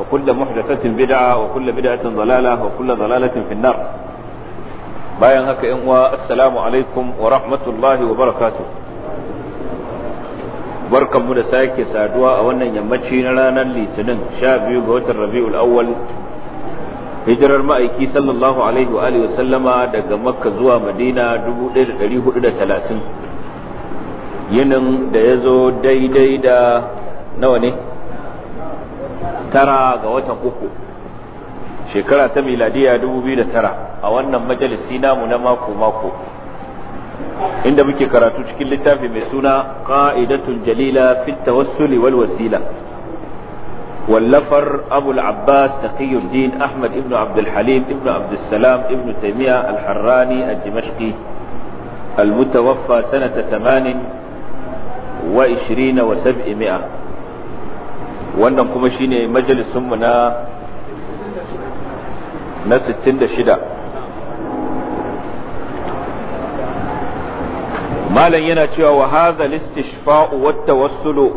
وكل محدثة بدعة وكل بدعة ضلالة وكل ضلالة في النار bayan haka yan uwa assalamu alaikum wa rahmatullahi wa barakatuh barkanmu da sake saduwa a wannan yammaci na ranar litinin 12 ga watan rabiul awwal hijirar ma'aiki sallallahu alaihi wa alihi sallama daga makka zuwa madina 1430 yinin da ya zo daidai da nawa ne tara ga watan uku shekara ta miladiya tara a wannan majalisi namu na mako-mako inda muke karatu cikin littafi mai suna ka'idatun jalila fit tawassuli wal wasila wallafar abul abbas taqiyuddin ahmad ibn abdul ibn abdul salam ibn taymiya al-harrani al-dimashqi al-mutawaffa sanata 28 wannan kuma shi shine majalisunmu na na 66 malam yana cewa wa hadha al-istishfa'u wat tawassulu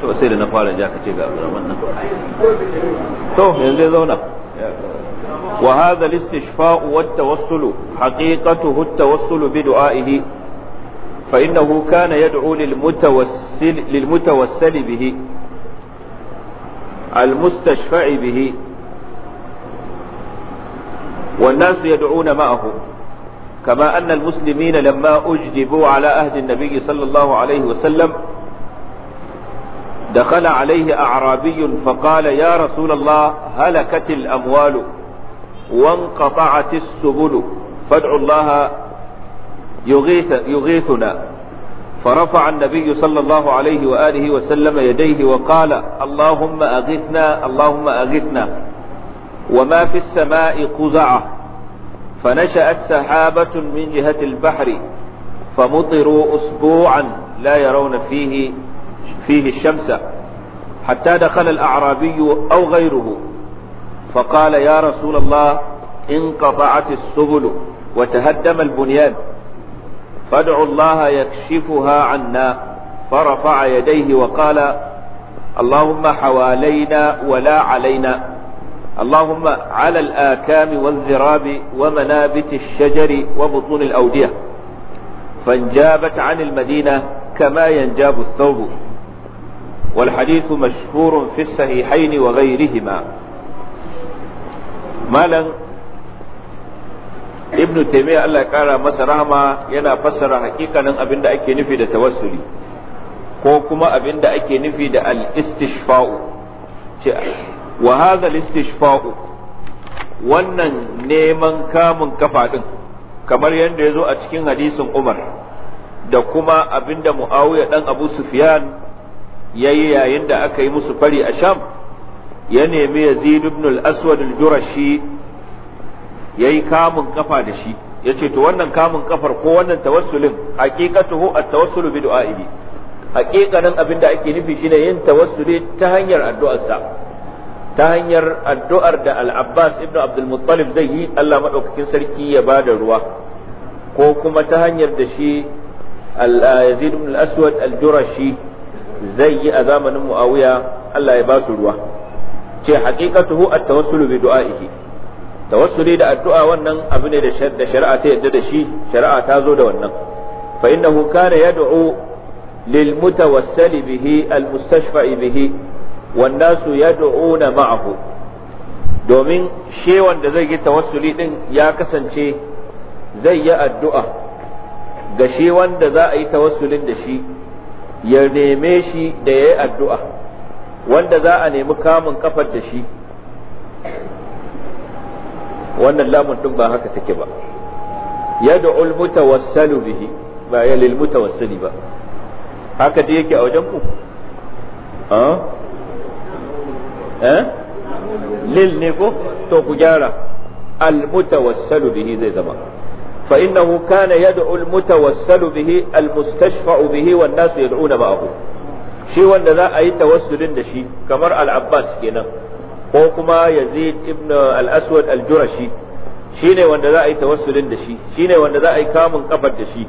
to sai da na fara ja kace ga Abdurrahman nan to yanzu zauna wa hadha al-istishfa'u wat tawassulu haqiqatuhu at tawassulu bi du'a'ihi فإنه كان يدعو للمتوسل, للمتوسل به المستشفع به والناس يدعون معه كما أن المسلمين لما أجدبوا على أهد النبي صلى الله عليه وسلم دخل عليه أعرابي فقال يا رسول الله هلكت الأموال وانقطعت السبل فادعوا الله يغيث يغيثنا فرفع النبي صلى الله عليه وآله وسلم يديه وقال اللهم أغثنا اللهم أغثنا وما في السماء قزعة فنشأت سحابة من جهة البحر فمطروا أسبوعا لا يرون فيه فيه الشمس حتى دخل الأعرابي أو غيره فقال يا رسول الله انقطعت السبل وتهدم البنيان فادعوا الله يكشفها عنا فرفع يديه وقال اللهم حوالينا ولا علينا اللهم على الآكام والذراب ومنابت الشجر وبطون الأودية فانجابت عن المدينة كما ينجاب الثوب والحديث مشهور في الصحيحين وغيرهما مالا ibn al-taimiyya Allah ya kara masa rahama yana fassara hakikanin abin da ake nufi da tawassuli ko kuma abin da ake nufi da al-istishfa'u wa hadha al-istishfa'u wannan neman kamun kafa din kamar yadda ya zo a cikin hadisin Umar da kuma abin da Muawiya dan Abu Sufyan yayi yayin da aka yi musu fari a Sham ya nemi Yazid ibn al-Aswad al-Jurashi yayi kamun kafa da shi ya ce to wannan kamun kafar ko wannan tawassulin haqiqatuhu at-tawassulu bi du'a'ihi haqiqanin abin da ake nufi shine yin tawassuli ta hanyar addu'arsa ta hanyar addu'ar da al-Abbas ibn Abdul Muttalib zai yi Allah madaukakin sarki ya bada ruwa ko kuma ta hanyar da shi al-Yazid ah, ibn al-Aswad al-Jurashi zai yi a zamanin Muawiya Allah ya ba su ruwa ce haqiqatuhu at-tawassulu bi du'a'ihi tawassuli da addu'a wannan abu ne da shari'a ta yadda da shi shari'a ta zo da wannan fa innahu kana yad'u lil mutawassali bihi al mustashfa'i bihi wan nasu yad'una ma'ahu domin she wanda zai yi tawassuli din ya kasance zai yi addu'a ga shi wanda za a yi tawassulin da shi ya neme shi da yayi addu'a wanda za a nemi kamun kafar da shi wannan lamun din ba haka take ba yad'ul mutawassalu bihi ba ya lil mutawassili ba haka da yake a wajen ku eh lil ne ko to ku gyara al mutawassalu bihi zai zama fa innahu kana yad'u al mutawassalu bihi al mustashfa'u bihi wan nasu yad'una ma'ahu shi wanda za a yi tawassulin da shi kamar al abbas kenan ko kuma yazid ibn al-aswad al-jurashi shine wanda za a yi tawassulin da shi shine wanda za a yi kamun kafar da shi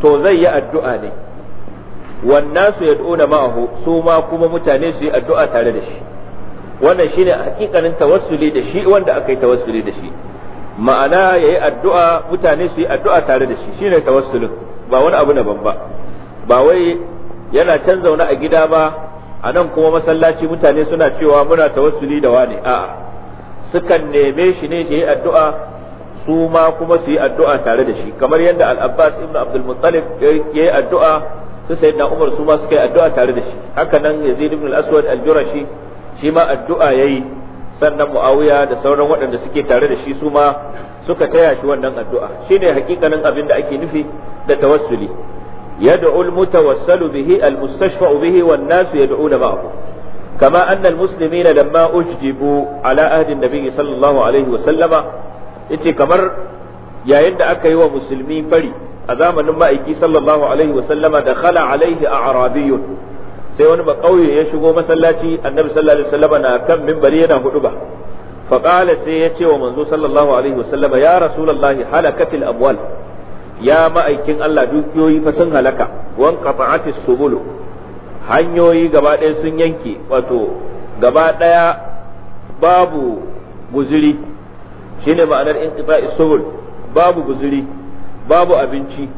to zai yi addu'a ne wannan su yad'una ma'ahu su ma kuma mutane su yi addu'a tare da shi wannan shine hakikanin tawassuli da shi wanda aka yi tawassuli da shi ma'ana yayi addu'a mutane su yi addu'a tare da shi shine tawassulin ba wani abu ban ba ba wai yana can zaune a gida ba a nan kuma masallaci mutane suna cewa muna tawassuli da wane a'a sukan neme shi ne yi addu'a su ma kuma su yi addu'a tare da shi kamar yadda al-abbas ibn abdul muttalib yayi addu'a su sayyidina umar su ma suka yi addu'a tare da shi haka nan yazid ibn al-aswad al-jurashi shi ma addu'a yayi sannan muawiya da sauran waɗanda suke tare da shi su ma suka taya shi wannan addu'a shine hakikanin abin da ake nufi da tawassuli يدعو المتوسل به المستشفع به والناس يدعون معه كما أن المسلمين لما أجدبوا على أهد النبي صلى الله عليه وسلم إتي كمر يا يند أكي ومسلمين فلي أذام لما صلى الله عليه وسلم دخل عليه أعرابي sai wani bakauye ya shigo masallaci annabi sallallahu alaihi wasallam na kan minbari yana huduba ba qala sai ya ce wa manzo sallallahu alaihi wasallam ya rasulullahi halakatil amwal ya ma'aikin Allah dukiyoyi fa sun halaka wan qata'ati subulu hanyoyi gaba ɗaya sun yanke wato gaba ɗaya babu guzuri shine ma'anar inqita'is subul babu guzuri babu abinci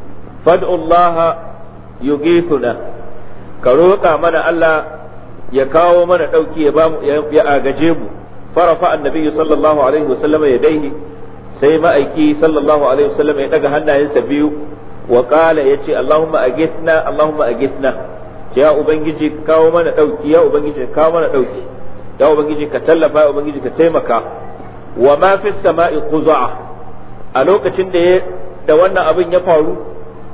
fad'ullaha yughithuna ka roƙa mana Allah ya kawo mana ɗauki ya agaje mu farafa annabi sallallahu alaihi wasallama ya daihi sai ma'aiki sallallahu alaihi wasallam ya daga hannayensa biyu wa qala yace Allahumma agisna Allahumma aghithna ya ubangiji ka kawo mana dauki ya ubangiji ka kawo mana dauki ya ubangiji ka tallafa ya ubangiji ka taimaka wa ma fi sama'i quza'a a lokacin da da wannan abin ya faru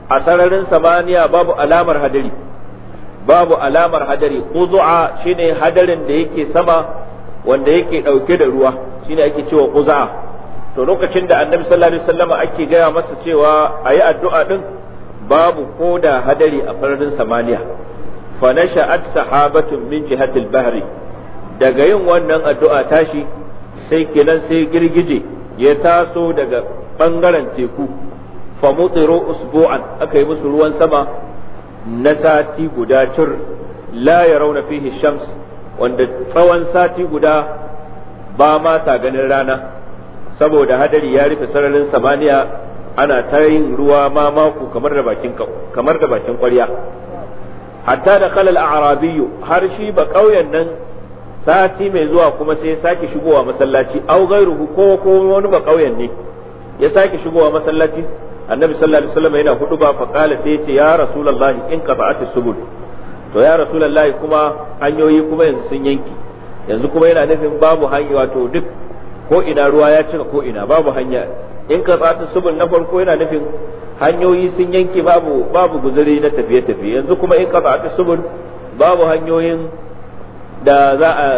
a sararin samaniya babu alamar hadari babu alamar hadari quza'a shine hadarin da yake sama wanda yake dauke da ruwa shine ake cewa quza'a to lokacin da annabi sallallahu alaihi wasallam ake gaya masa cewa ayi addu'a din babu ko da hadari a fararin samaniya fa nasha'at sahabatun min jihatil bahri daga yin wannan addu'a tashi sai kenan sai girgije ya taso daga bangaren teku fa mutiru usbu'an aka yi musu ruwan sama na sati guda tur la yarawna fihi shams wanda tsawon sati guda ba ma sa ganin rana saboda hadari ya rufe sararin samaniya ana ta yin ruwa ma mako kamar da bakin kamar ƙwarya hatta da kalal arabiyu har shi ba ƙauyen nan sati mai zuwa kuma sai ya sake shigowa masallaci au gairu ko ko wani ba ƙauyen ne ya sake shigowa masallaci annabi sallallahu alaihi wasallam yana hudu ba fa qala sai yace ya rasulullahi in qata'atis subul to ya rasulullahi kuma hanyoyi kuma yanzu sun yanki yanzu kuma yana nufin babu hanya wato duk ko ina ruwa ya cika ko ina babu hanya in ka tsatsa subul na farko yana nufin hanyoyi sun yanke babu babu guzuri na tafiye tafiye yanzu kuma in ka tsatsa subul babu hanyoyin da za a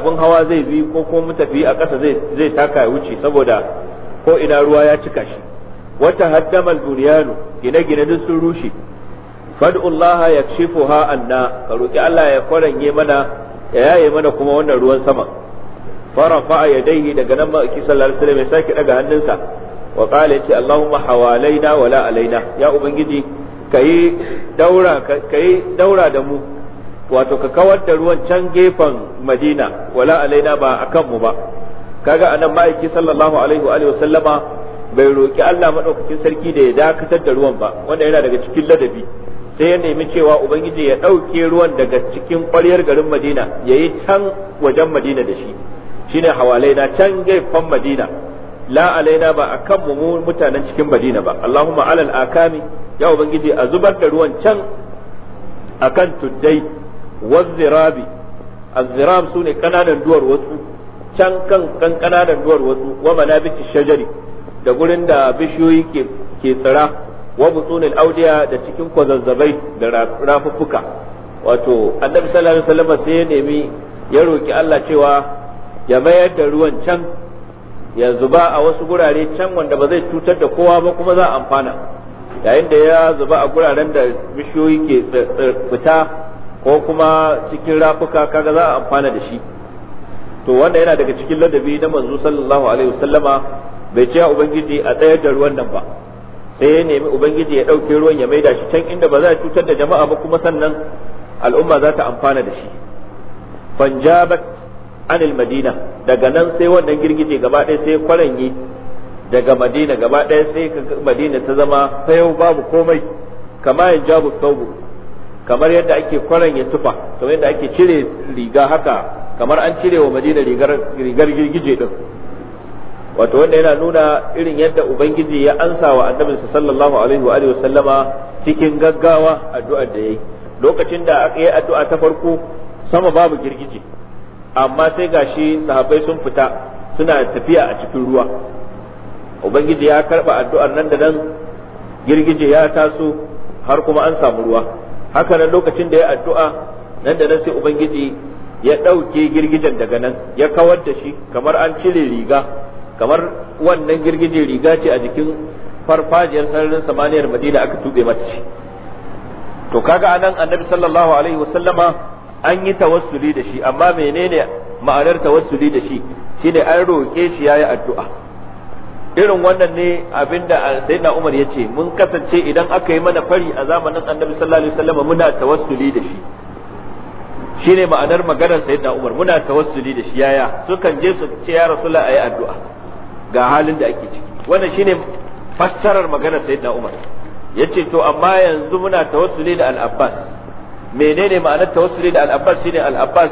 abin hawa zai bi ko ko mutafi a ƙasa zai zai taka ya wuce saboda ko ina ruwa ya cika shi wata haddamal duniyanu gine-gine duk sun rushe fad'ullaha yakshifuha anna ka roki Allah ya kwaranye mana ya yaye mana kuma wannan ruwan sama farafa yadayhi daga nan ba sallar sallallahu alaihi wasallam ya saki daga hannunsa wa qala yace allahumma hawalaina wala alaina ya ubangiji ka daura daura da mu wato ka kawar da ruwan can gefen madina wala alaina ba akan mu ba kaga anan ma'aiki sallallahu alaihi wa alihi sallama bai roki Allah madaukakin sarki da ya dakatar da ruwan ba wanda yana daga cikin ladabi sai ya nemi cewa ubangiji ya ɗauke ruwan daga cikin ƙwaryar garin madina yayi can wajen madina da shi shine hawalaina can gefen madina la alaina ba akan mu mutanen cikin madina ba allahumma alal akami ya ubangiji a zubar da ruwan can akan tuddai wazzirabi azziram sune kananan duwar wasu can kan kan kananan duwar wasu wa manabici shajari da gurin da bishiyoyi ke ke tsira wa butunil audiya da cikin kwazazzabai da rafuffuka wato annabi sallallahu alaihi wasallam sai ya nemi ya roki Allah cewa ya mayar da ruwan can ya zuba a wasu gurare can wanda ba zai cutar da kowa ba kuma za a amfana yayin da ya zuba a guraren da bishiyoyi ke fita ko kuma cikin rafuka kaga za a amfana da shi to wanda yana daga cikin ladabi na manzo sallallahu alaihi wasallama bai ce ubangiji a tsayar da ruwan nan ba sai ya nemi ubangiji ya ɗauke ruwan ya maida shi can inda ba za a cutar da jama'a ba kuma sannan al'umma za ta amfana da shi fanjabat anil madina daga nan sai wannan girgije gaba ɗaya sai kwaranye daga madina gaba ɗaya sai madina ta zama fayau babu komai kama ya jabu saubu kamar yadda ake ya tufa kamar yadda ake cire riga haka kamar an cire wa madina rigar girgije din wato wanda yana nuna irin yadda ubangiji ya ansa wa annabinsa sallallahu alaihi wa alihi sallama cikin gaggawa addu'ar da yayi lokacin da aka yi addu'a ta farko sama babu girgije amma sai gashi sahabbai sun fita suna tafiya a cikin ruwa ubangiji ya karba addu'ar nan da nan girgije ya taso har kuma an samu ruwa haka nan lokacin da ya addu'a nan da nan sai ubangiji ya ɗauke girgijen daga nan ya kawar da shi kamar an cire riga kamar wannan girgije riga ce a jikin farfajiyar sararin samaniyar madina aka tuɓe mata shi to kaga anan annabi sallallahu alaihi wasallama an yi tawassuli da shi amma menene ma'anar tawassuli da shi shine an roƙe shi yayi addu'a irin wannan ne abinda sayyidina Umar ya ce mun kasance idan aka yi mana fari a zamanin Annabi sallallahu alaihi wasallam muna tawassuli da shi shine ma'anar maganar sayyidina Umar muna tawassuli da shi yaya sukan je su ce ya rasulullah ayi addu'a ga halin da ake ciki wannan shine fassarar maganar sayyidina Umar yace to amma yanzu muna tawassuli da al-Abbas menene ma'anar tawassuli da al-abbas shine al-abbas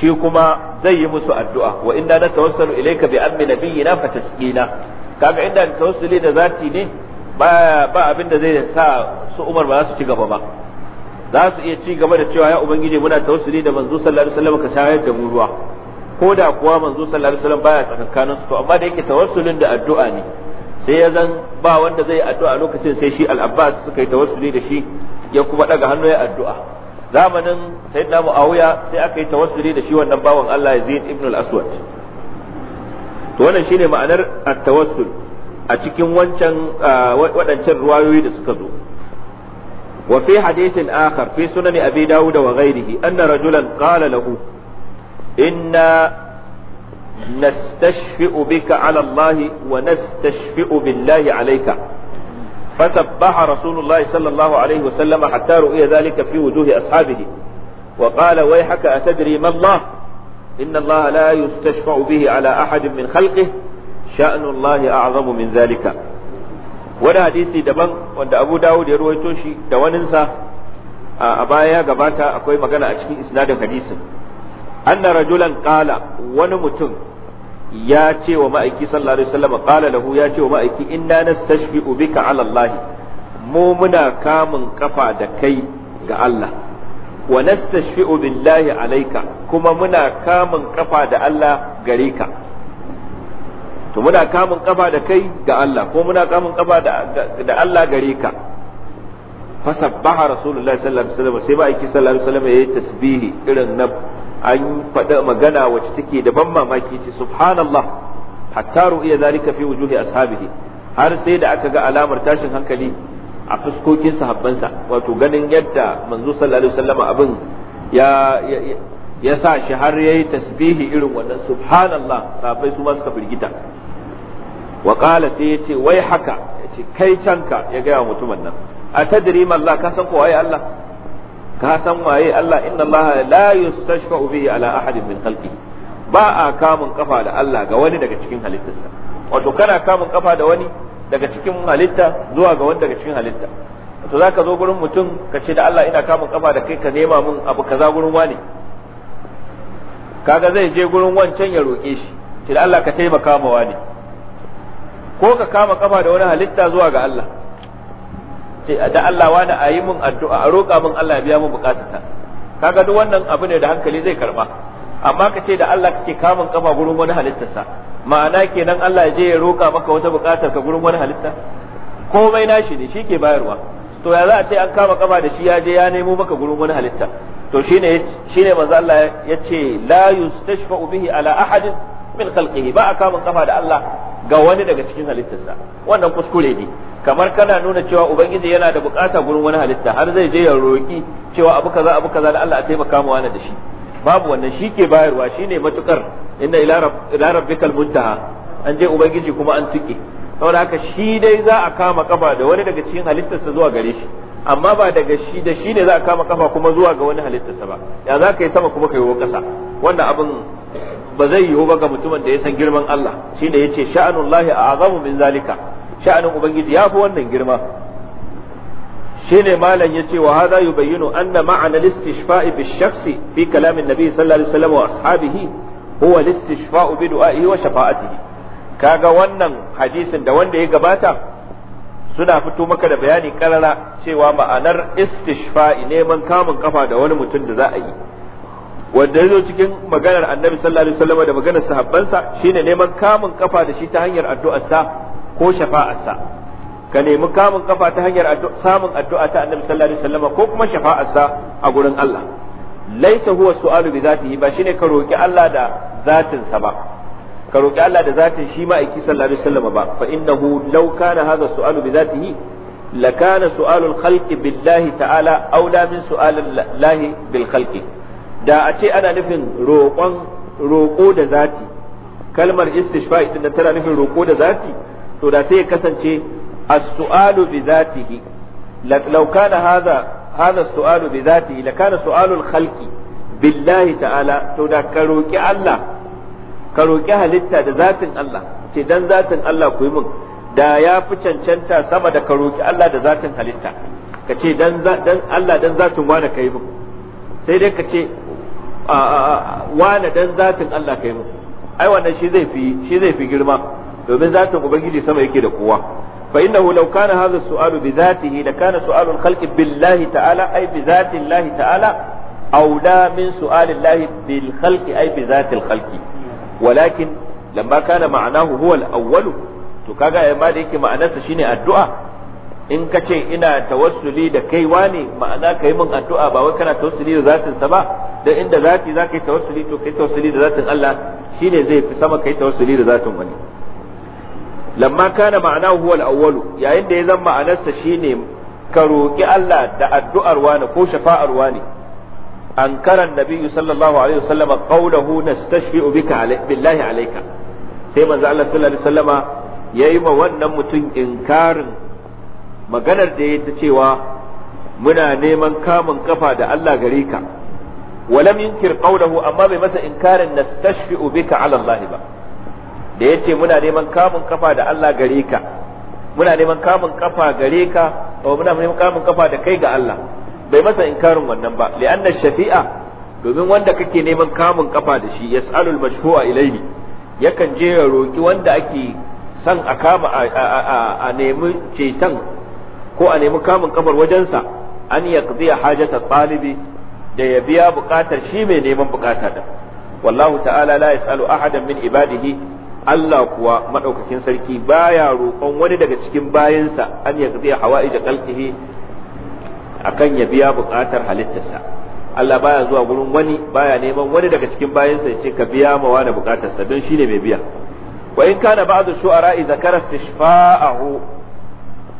shi kuma zai yi musu addu'a wa na tawassalu ilayka bi ammi nabiyyina fatasqina kaga inda tawassuli da zati ne ba ba abin zai sa su Umar ba za su ci gaba ba za su iya ci gaba da cewa ya ubangiji muna tawassuli da manzo sallallahu alaihi wasallam ka shayar da mu ruwa ko da kuwa manzo sallallahu alaihi wasallam baya tsakankanin su to amma da yake tawassulin da addu'a ne sai ya zan ba wanda zai addu'a lokacin sai shi al-Abbas suka yi tawassuli da shi ya kuma daga hannu ya addu'a zamanin sayyidina muawiya sai aka yi tawassuli da shi wannan bawan Allah Yazid ibn al-Aswad to wannan shine ma'anar at-tawassul a cikin wancan waɗancan ruwayoyi da suka zo wa fi hadithin akhar fi sunan abi dawud wa ghayrihi anna rajulan qala lahu inna نستشفئ بك على الله ونستشفئ بالله عليك فسبح رسول الله صلى الله عليه وسلم حتى رؤي ذلك في وجوه أصحابه وقال ويحك أتدري ما الله إن الله لا يستشفع به على أحد من خلقه شأن الله أعظم من ذلك wani hadisi daban wanda abu dawud ya ruwaito shi da waninsa a baya ya gabata akwai magana a cikin isnadin hadisin anna rajulan ƙala wani mutum ya ce wa ma'aiki sallallahu alaihi wasallam qala lahu ya ce wa ma'aiki inna nastashfi'u bika ala Allah mu muna kamun kafa da kai ga Allah wa nastashfi'u billahi alayka kuma muna kamun kafa da Allah gare ka to muna kamun kafa da kai ga Allah ko muna kamun kafa da Allah gare ka sabbaha rasulullahi sallallahu alaihi wasallam sai ma'aiki sallallahu alaihi wasallam yi tasbihi irin na an faɗa magana wacce take da ban mamaki ce subhanallah hatta ru'iya zalika fi wujuhi ashabihi har sai da aka ga alamar tashin hankali a fuskokin sahabbansa wato ganin yadda manzo sallallahu alaihi wasallam abin ya ya sa shi har yayi tasbihi irin wannan subhanallah sahabbai su ma suka firgita wa qala sai yace wai haka yace kai canka ya ga mutumin nan a tadri Allah ka san ko waye Allah ka san waye Allah inna Allah la yustashfa'u bihi ala ahadin min khalqihi ba a kamun kafa da Allah ga wani daga cikin halittarsa wato kana kamun kafa da wani daga cikin halitta zuwa ga wani daga cikin halitta wato zaka zo gurin mutum ka ce da Allah ina kamun kafa da kai ka nema mun abu kaza gurin wani kaga zai je gurin wancan ya roƙe shi ce da Allah ka taimaka ma wani ko ka kama kafa da wani halitta zuwa ga Allah ce da Allah wani a yi mun addu'a a roƙa mun Allah ya biya mun bukatata kaga duk wannan abu ne da hankali zai karba amma ka ce da Allah kake kamun kafa gurin wani halittarsa ma'ana kenan Allah ya je ya roƙa maka wata bukatar ka gurin wani halitta komai nashi ne shi ke bayarwa to ya za a ce an kama kafa da shi ya je ya nemo maka gurin wani halitta to shine shine manzo Allah ya ce la yustashfa bihi ala ahadin min khalqihi ba a kamun kafa da Allah ga wani daga cikin halittarsa wannan kuskure ne kamar kana nuna cewa ubangiji yana da bukata gurin wani halitta har zai je ya roki cewa abu kaza abu kaza da Allah a taimaka mu wani da shi babu wannan shi ke bayarwa shine matukar inna ila rabbikal muntaha an je ubangiji kuma an tuke saboda haka shi dai za a kama kafa da wani daga cikin halittarsa zuwa gare shi amma ba daga shi da shi ne za a kama kafa kuma zuwa ga wani halittarsa ba ya za ka yi sama kuma ka yi wa ƙasa wannan abin ba zai yiwu ba ga mutumin da ya san girman Allah ya ce sha'anullahi a'zamu min zalika sha'anin ubangiji yafi wannan girma shine malam ce wa hadha yubayyinu anna ma'ana al-istishfa'i bi-shakhs fi kalam an-nabi sallallahu alaihi wasallam wa ashabihi huwa al bi du'a'ihi wa shafa'atihi kaga wannan hadisin da wanda ya gabata suna fito maka da bayani karara cewa ma'anar istishfa'i neman kamun kafa da wani mutum da za a yi wanda zo cikin maganar annabi sallallahu alaihi wasallam da maganar sahabbansa shine neman kamun kafa da shi ta hanyar sa ko sa. ka nemi kamun kafa ta hanyar samun addu'a ta annabi sallallahu alaihi wasallam ko kuma sa a gurin Allah laisa huwa su'alu bi zatihi ba shine ka roki Allah da zatin sa ba ka roki Allah da zatin shi ma'aiki sallallahu alaihi wasallam ba fa innahu law kana hadha su'alu bi zatihi lakana su'alul khalqi billahi ta'ala aula min su'alil lahi bil da a ce ana nufin roƙon roƙo da zati kalmar istishfa din da tana nufin roƙo da zati to da sai ya kasance as-su'alu bi zatihi law kana hadha hadha as-su'alu bi zatihi la kana su'alu al-khalqi billahi ta'ala to da ka roƙi Allah ka roƙi halitta da zatin Allah ce dan zatin Allah ku yi min da ya fi cancanta sama da ka roƙi Allah da zatin halitta ka ce dan Allah dan zatin wani ka yi min sai dai ka ce wane dan zatin Allah kai mu ai wannan shi zai fi shi zai fi girma domin zatin ubangiji sama yake da kowa fa innahu law kana hadha as-su'alu bi dhatihi la kana su'alu al-khalqi billahi ta'ala ay bi dhati Allah ta'ala awla min su'ali Allah bil khalqi ay bi dhati al-khalqi walakin lamma kana ma'nahu huwa al-awwal to kaga yamma da yake ma'anarsa shine addu'a in ka ce ina tawassuli da kai wane ma'ana kai min addu'a ba wai kana tawassuli da zatin sa ba dan inda zati za ka yi tawassuli to kai tawassuli da zatin Allah shine zai fi sama kai tawassuli da zatin wani lamma kana ma'ana huwa al-awwalu yayin da ya zama ma'anarsa shine ka roki Allah da addu'ar wani ko shafa'ar wani أنكر النبي sallallahu alaihi عليه وسلم قوله نستشفئ بك علي بالله sai manzo Allah sallallahu alaihi wasallama yayi ma wannan mutum inkarin maganar da ya ta cewa muna neman kamun kafa da Allah gare ka walam yunkir qawluhu amma bai masa inkarin nastashfi'u bika ala Allah ba da yace muna neman kamun kafa da Allah gare ka muna neman kamun kafa gare ka ko muna neman kamun kafa da kai ga Allah bai masa inkarin wannan ba li'anna shafi'a domin wanda kake neman kamun kafa da shi yas'alul mashfu'a ilayhi yakan je ya roki wanda ake san a kama a nemi ceton ko a nemi kamun kafar wajensa an yaqdiya hajjata talibi da ya biya bukatar shi mai neman bukata da wallahu ta'ala la yasalu ahadan min ibadihi Allah kuwa madaukakin sarki baya roƙon wani daga cikin bayansa an yaqdiya hawaij qalbihi akan ya biya bukatar halittarsa Allah baya zuwa gurin wani baya neman wani daga cikin bayansa ya ce ka biya ma wani bukatarsa don shine mai biya wa in kana ba'du shu'ara idza karas tishfa'ahu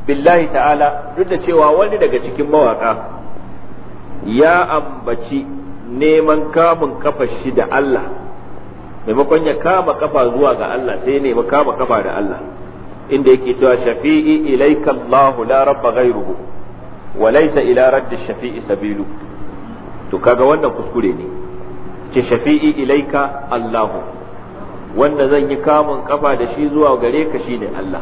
billahi ta'ala duk da cewa wani daga cikin mawaka ya ambaci neman kamun kafa shi da Allah maimakon ya kama kafa zuwa ga Allah sai ya nemi kama kafa da Allah inda yake cewa shafi'i ilaika Allah la rabba ghairuhu wa laysa ila radd shafii sabilu to kaga wannan kuskure ne ce shafi'i ilaika Allah wanda zan yi kamun kafa da shi zuwa gare ka shine Allah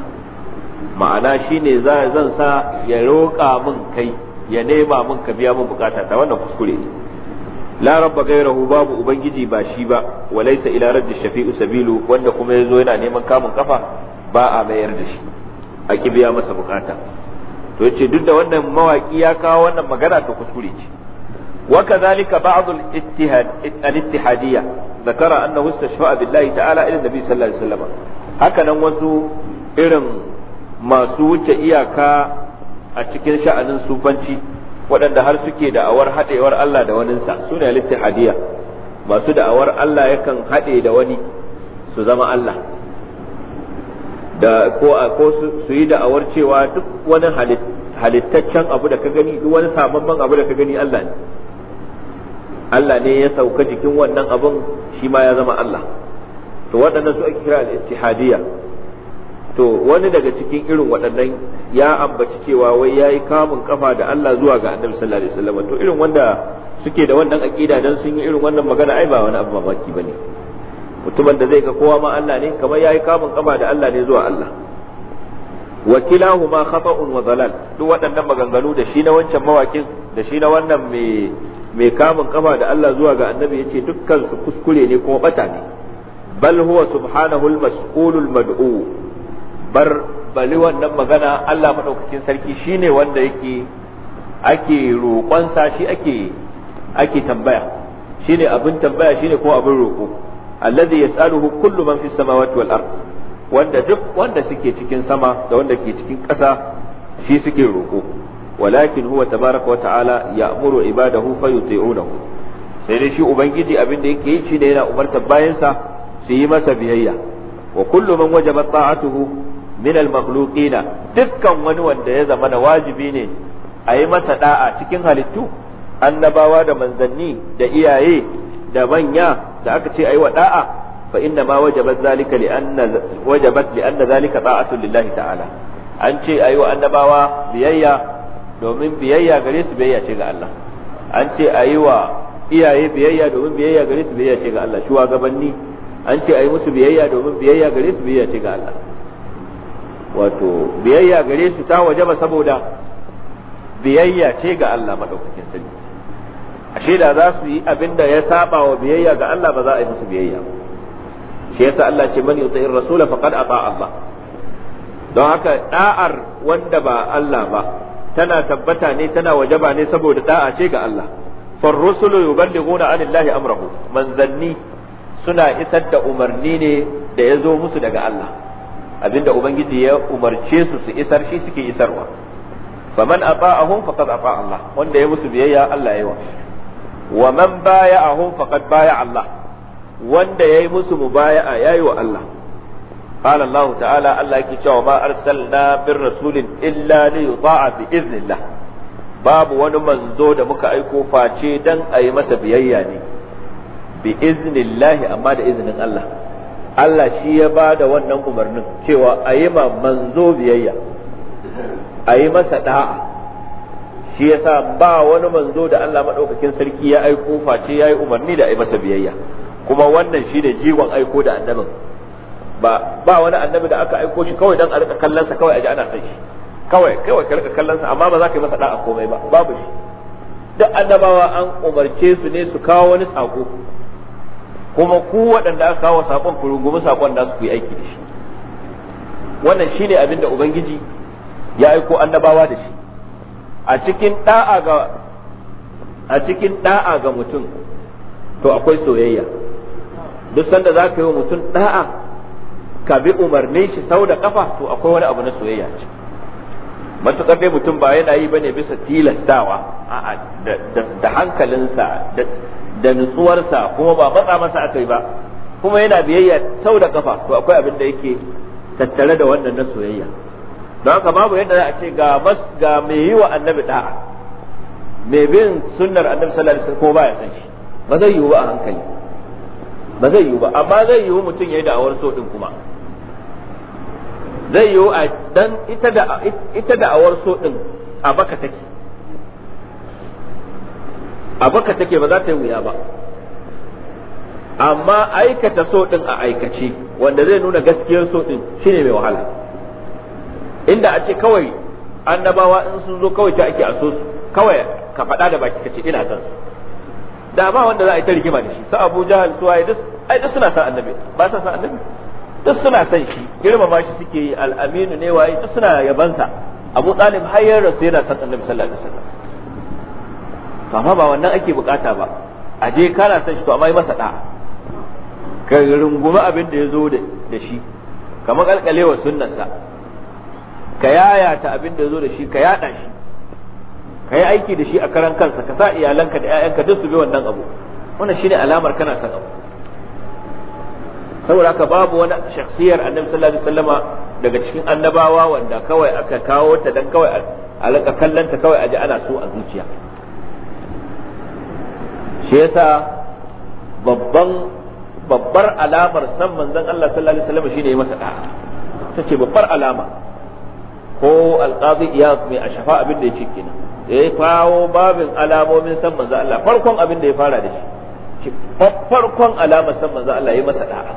ma'ana shine zan sa ya roƙa min kai ya nema min ka biya min bukata ta wannan kuskure ne la rabba gairahu babu ubangiji ba shi ba walaysa ila raddi shafi'u sabilu wanda kuma yazo yana neman kamun kafa ba a mayar da shi a ki biya masa bukata to yace duk da wannan mawaki ya kawo wannan magana to kuskure ce wa kadhalika ba'd al-ittihad al-ittihadiyya ذكر annahu istashfa'a billahi ta'ala ila nabi sallallahu alaihi wasallam haka nan wasu irin masu wuce iyaka a cikin sha'anin sufanci waɗanda har suke da'awar haɗewar Allah da waninsa su ne hadiya masu da'awar Allah yakan haɗe da wani su zama Allah da ko su yi da'awar cewa duk wani halittaccen abu da ka gani duk wani sababban abu da ka gani Allah ne Allah ne ya sauka jikin wannan abun shi ma ya zama Allah to waɗannan su ake kira al-ittihadiyya to wani daga cikin irin waɗannan ya ambaci cewa wai ya yi kamun kafa da Allah zuwa ga annabi sallallahu alaihi wasallam to irin wanda suke da wannan aƙida dan sun yi irin wannan magana ai ba wani abu mamaki bane mutumin da zai ga kowa ma Allah ne kamar ya yi kamun kafa da Allah ne zuwa Allah wa kilahuma khata'un wa dhalal duk waɗannan maganganu da shi na wancan mawakin da shi na wannan mai mai kamun kafa da Allah zuwa ga annabi yace dukkan su kuskure ne kuma bata ne bal huwa subhanahu al-mas'ulul mad'u bar bali wannan magana Allah madaukakin sarki shine wanda yake ake roƙonsa shi ake ake tambaya shine abin tambaya shine ko abin roƙo alladhi yas'aluhu kullu man fis samawati wal ard wanda duk wanda suke cikin sama da wanda ke cikin ƙasa shi suke roƙo walakin huwa tabaraka wa ta'ala ya'muru ibadahu yuti'unahu sai dai shi ubangiji abin da yake yi shine yana umartar bayansa su yi masa biyayya wa kullu man wajaba ta'atuhu min al-makhluqina dukkan wani wanda ya zama na wajibi ne a yi masa da'a cikin halittu annabawa da manzanni da iyaye da manya da aka ce ayi wa da'a fa inna ma wajabat zalika li anna wajabat li anna zalika ta'atun lillahi ta'ala an ce ayi wa annabawa biyayya domin biyayya gare su biyayya ce ga Allah an ce ayi wa iyaye biyayya domin biyayya gare su biyayya ce ga Allah shugabanni an ce ayi musu biyayya domin biyayya gare su biyayya ce ga Allah wato biyayya gare shi ta wajaba saboda biyayya ce ga Allah madaukakin sarki ashe da za su yi abin da ya saba wa biyayya ga Allah ba za a yi musu biyayya shi yasa Allah ce man yuti'ir rasul faqad ata Allah don haka da'ar wanda ba Allah ba tana tabbata ne tana wajaba ne saboda da'a ce ga Allah rusul yuballighuna anillahi amrahu manzanni suna isar da umarni ne da ya zo musu daga Allah abinda ubangiji ya umarce su su isar shi suke isarwa faman ata'ahum faqad ata Allah wanda ya musu biyayya Allah ya yi wa wa man baya'ahum faqad baya Allah wanda ya yi musu mubaya'a yayi wa Allah قال الله تعالى الله يكي cewa ma arsalna min rasulin illa li yuta'a bi iznillah babu wani manzo da muka aiko face dan a yi masa biyayya ne bi iznillahi amma da izinin Allah Allah shi ya ba da wannan umarnin cewa a yi ma manzo biyayya a yi masa da'a shi ya sa ba wani manzo da Allah maɗaukakin sarki ya aiko face ya yi umarni da a yi masa biyayya kuma wannan shi ne jiwon aiko da annabin ba ba wani annabi da aka aiko shi kawai dan a rika kallonsa kawai a ji ana san shi kawai kawai ka rika kallonsa amma ba za ka yi masa da'a komai ba babu shi duk annabawa an umarce su ne su kawo wani sako kuma ku waɗanda aka kawo saƙon ku rungumi saƙon da su yi aiki da shi wannan ne abin da ubangiji ya aiko annabawa da shi a cikin da'a ga a cikin da'a ga mutum to akwai soyayya duk sanda za ka yi wa mutum da'a ka bi umarnin shi sau da kafa to akwai wani abu na soyayya ce. matukar dai mutum ba yana yi ne bisa tilastawa da hankalinsa da nutsuwarsa kuma ba matsa masa aka yi ba kuma yana biyayya sau da kafa to akwai abin da yake tattare da wannan na soyayya don haka babu yadda za a ce ga mas ga mai yi wa annabi da'a mai bin sunnar annabi sallallahu alaihi wasallam ko baya san shi ba zai yiwu ba a hankali ba zai yiwu ba amma zai yiwu mutum yayi da'awar so din kuma zai yiwu a dan ita da ita da'awar so din a baka take a baka take ba za ta yi wuya ba amma aikata so din a aikace wanda zai nuna gaskiyar so din shine mai wahala inda a ce kawai annabawa in sun zo kawai ta ake a so su kawai ka faɗa da baki kace ina son su da ba wanda za a yi ta rigima da shi sa Abu Jahal su ai duk ai duk suna san annabi ba sa san annabi duk suna san shi girmama shi suke yi al-aminu ne waye duk suna yabansa Abu Talib har ya rasu yana san annabi sallallahu alaihi wasallam kafa ba wannan ake bukata ba a je kana san shi to amma yi masa da ka rungumi abin da ya zo da shi kamar kalkalewa sunnarsa ka yayata abin da ya zo da shi ka yada shi ka yi aiki da shi a karan kansa ka sa iyalanka da 'ya'yanka duk su bi wannan abu wannan shine alamar kana san abu saboda haka babu wani shakhsiyar annabi sallallahu alaihi wasallama daga cikin annabawa wanda kawai aka kawo ta dan kawai a kallanta kawai a ji ana so a zuciya shi yasa babban babbar alamar san manzon Allah sallallahu alaihi wasallam shine ya masa da'a ce babbar alama ko alqazi iyad mai shafa abin da ya ce kenan ya kawo babin alamomin san manzon Allah farkon abin da ya fara da shi farkon alamar san manzon Allah ya masa da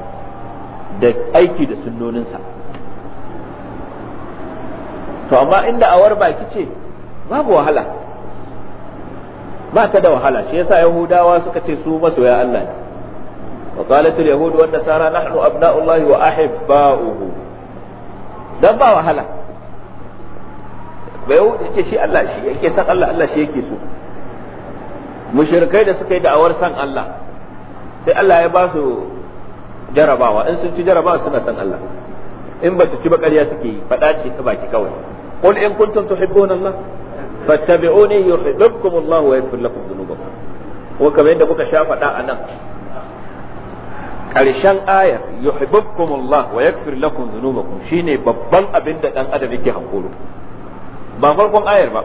da aiki da sunnoninsa to amma inda awar baki ce babu wahala ba ta da wahala shi yasa yahudawa suka ce su masoya Allah ne wa qalat al yahud wa nasara nahnu abna'u abna'ullahi wa ahibba'uhu dan ba wahala bai wuce ce shi Allah shi yake san Allah Allah shi yake so mushrikai da suka yi da'awar san Allah sai Allah ya ba su jarabawa in sun ci jarabawa suna san Allah in ba su ci ba ƙarya suke yi faɗa ce ta baki kawai qul in kuntum tuhibbuna Allah fattabi'uni yuhibbukum Allah wa yaghfir lakum dhunubakum wa kamar yadda kuka sha faɗa a nan ƙarshen ayar yuhibbukum Allah wa yaghfir lakum dhunubakum shine babban abin da dan adam yake hankoro ba farkon ayar ba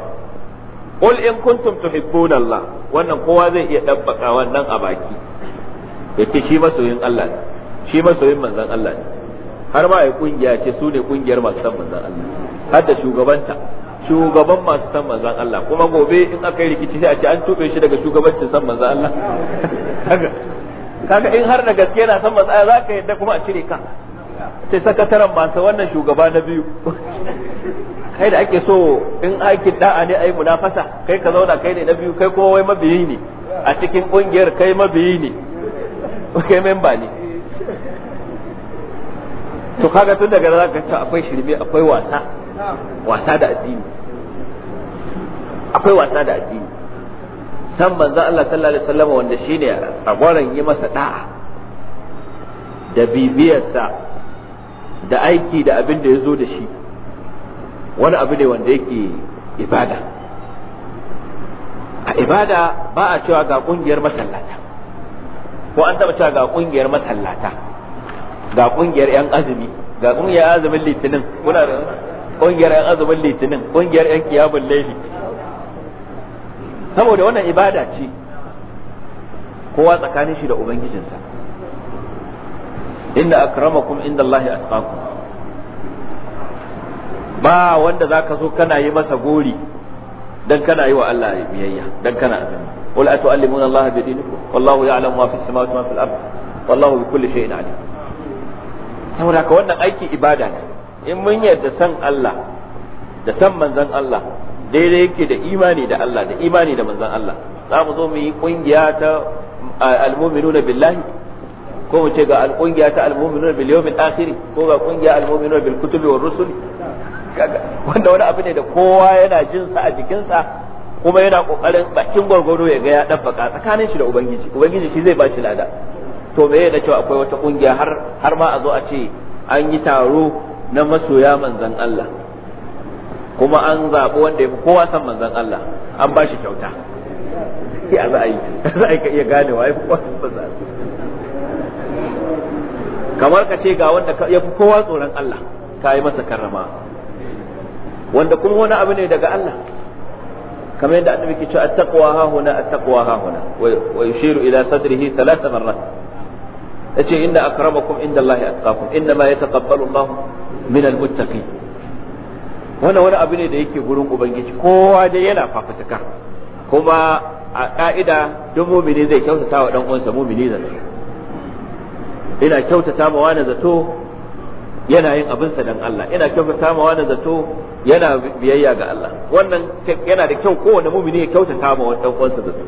qul in kuntum tuhibbuna Allah wannan kowa zai iya dabbaka wannan a baki yace shi masoyin Allah ne shi masoyin manzon Allah ne har ma ya kungiya ce su ne kungiyar masu san manzon Allah har da shugabanta shugaban masu san manzan Allah kuma gobe in aka yi rikici sai a ce an tube shi daga shugabancin san manzan Allah kaga in har da gaske yana san manzan Allah zaka yadda kuma a cire ka sai sakataren masu wannan shugaba na biyu kai da ake so in aikin da'a ne ai munafasa kai ka zauna kai ne na biyu kai kuma wai mabiyi ne a cikin kungiyar kai mabiyi ne kai memba ne to kaga tun daga zaka ce akwai shirme akwai wasa wasa da addini akwai wasa da addini san manzo Allah sallallahu alaihi wasallam wanda shine tsagoran yi masa da'a da bibiyarsa da aiki da abin da ya zo da shi wani abu ne wanda yake ibada a ibada ba a cewa ga kungiyar masallata ko an taba cewa ga kungiyar masallata ga kungiyar 'yan azumi ga kungiyar azumin litinin kuna da kungiyar yan azumin litinin kungiyar yan kiyamun laifi saboda wannan ibada ce kowa tsakanin shi da ubangijinsa inda akramakum inda Allah atqakum ba wanda zaka so kana yi masa gori dan kana yi wa Allah biyayya dan kana azumi qul atu'allimuna Allah bi dinikum wallahu ya'lamu ma fis samawati wa ma fil ard wallahu bi kulli shay'in alim saboda ka wannan aiki ibada ne in mun yarda san Allah da san manzon Allah daidai yake da imani da Allah da imani da manzon Allah za mu zo mu yi kungiya ta almu'minuna billahi ko mu ce ga alkungiya ta almu'minuna bil yawmil akhir ko ga kungiya almu'minuna bil kutubi war rusul wanda wani abu ne da kowa yana jin sa a jikinsa kuma yana kokarin bakin gwargwaro ya ga ya dabbaka tsakanin shi da ubangiji ubangiji shi zai ba shi lada to me ya da cewa akwai wata kungiya har har ma a zo a ce an yi taro na masoya manzan Allah kuma an zaɓi wanda ya fi kowa san manzan Allah an ba shi kyauta ya za a yi za a iya gane wa? ya fi kowa san manzan kamar ka ce ga wanda ya fi kowa tsoron Allah ka yi masa karrama wanda kuma wani abu ne daga Allah kamar yadda annabi ke cewa at-taqwa ha huna at-taqwa ha huna wa yushiru ila sadrihi thalatha marrat yace inna akramakum inda Allah atqakum inna ma yataqabbalu Allah min almuttaqi wannan wani abu ne da yake gurin ubangiji kowa dai yana fafutuka kuma a ka'ida duk mumini zai kyautata wa dan uwansa mumini zato ina kyautata ma wani zato yana yin abinsa dan Allah ina kyautata ma wani zato yana biyayya ga Allah wannan yana da kyau kowane mumini ya kyautata ma wani dan uwansa zato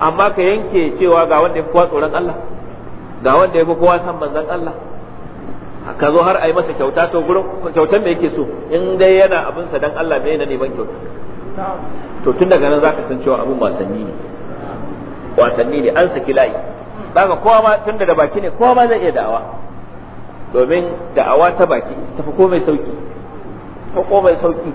amma ka yanke cewa ga wanda ya fi kowa tsoron Allah ga wanda ya fi kowa san manzon Allah ka zo har a yi masa kyauta to gurin kyautan me yake so in dai yana abin sa dan Allah me yana neman kyauta to tun daga nan zaka san cewa abun wasanni ne wasanni ne an saki layi zaka kowa ma tun da baki ne kowa ma zai iya da'awa domin da'awa ta baki ta fi komai sauki ta komai sauki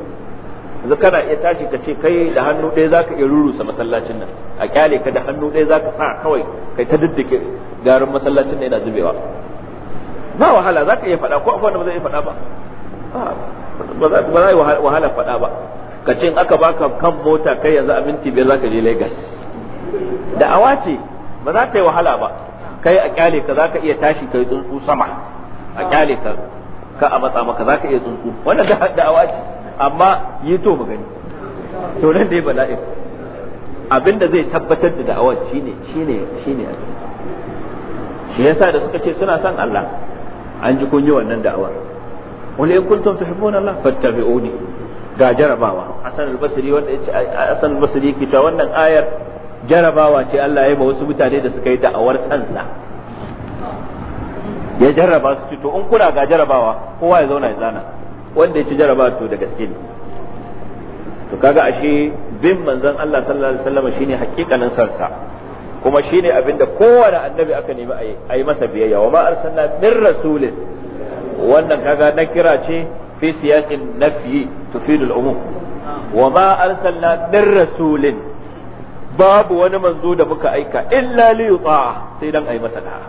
yanzu kana iya tashi ka ce kai da hannu ɗaya zaka iya rurusa masallacin nan a kyale ka da hannu ɗaya zaka sa kawai kai ta diddike garin masallacin nan yana zubewa ba wahala za ka iya faɗa ko akwai wanda ba zai iya faɗa ba ba za yi wahala faɗa ba ka ce aka baka kan mota kai yanzu a minti biyar za ka je Lagos da'awa ce ba za ta yi wahala ba kai a kyale ka za ka iya tashi ka yi tsuntsu sama a kyale ka ka a matsa maka za ka iya tsuntsu wannan da'awa ce amma yi to mu gani to nan dai bala'i abinda zai tabbatar da da'awar shine shine shine shi yasa da suka ce suna son Allah an ji kun yi wannan da'awar wani in kuntum tuhibbuna Allah fattabi'uni ga jarabawa Hassan al-Basri wanda yace Hassan al-Basri ki ta wannan ayar jarabawa ce Allah ya yi ba wasu mutane da suka yi da'awar sansa ya jarraba su to in kuna ga jarabawa kowa ya zauna ya zana wanda ya ci jaraba to da gaske ne to kaga ashe bin manzon Allah sallallahu alaihi wasallam shine hakikanin sansa kuma shine abinda kowane annabi aka nemi a yi masa biyayya wa ma arsalna min rasulin wannan kaga na kira ce fi siyaqin nafyi tufidul umum wa ma arsalna min rasulin babu wani manzo da muka aika illa li yuta'a sai dan ai masa da'a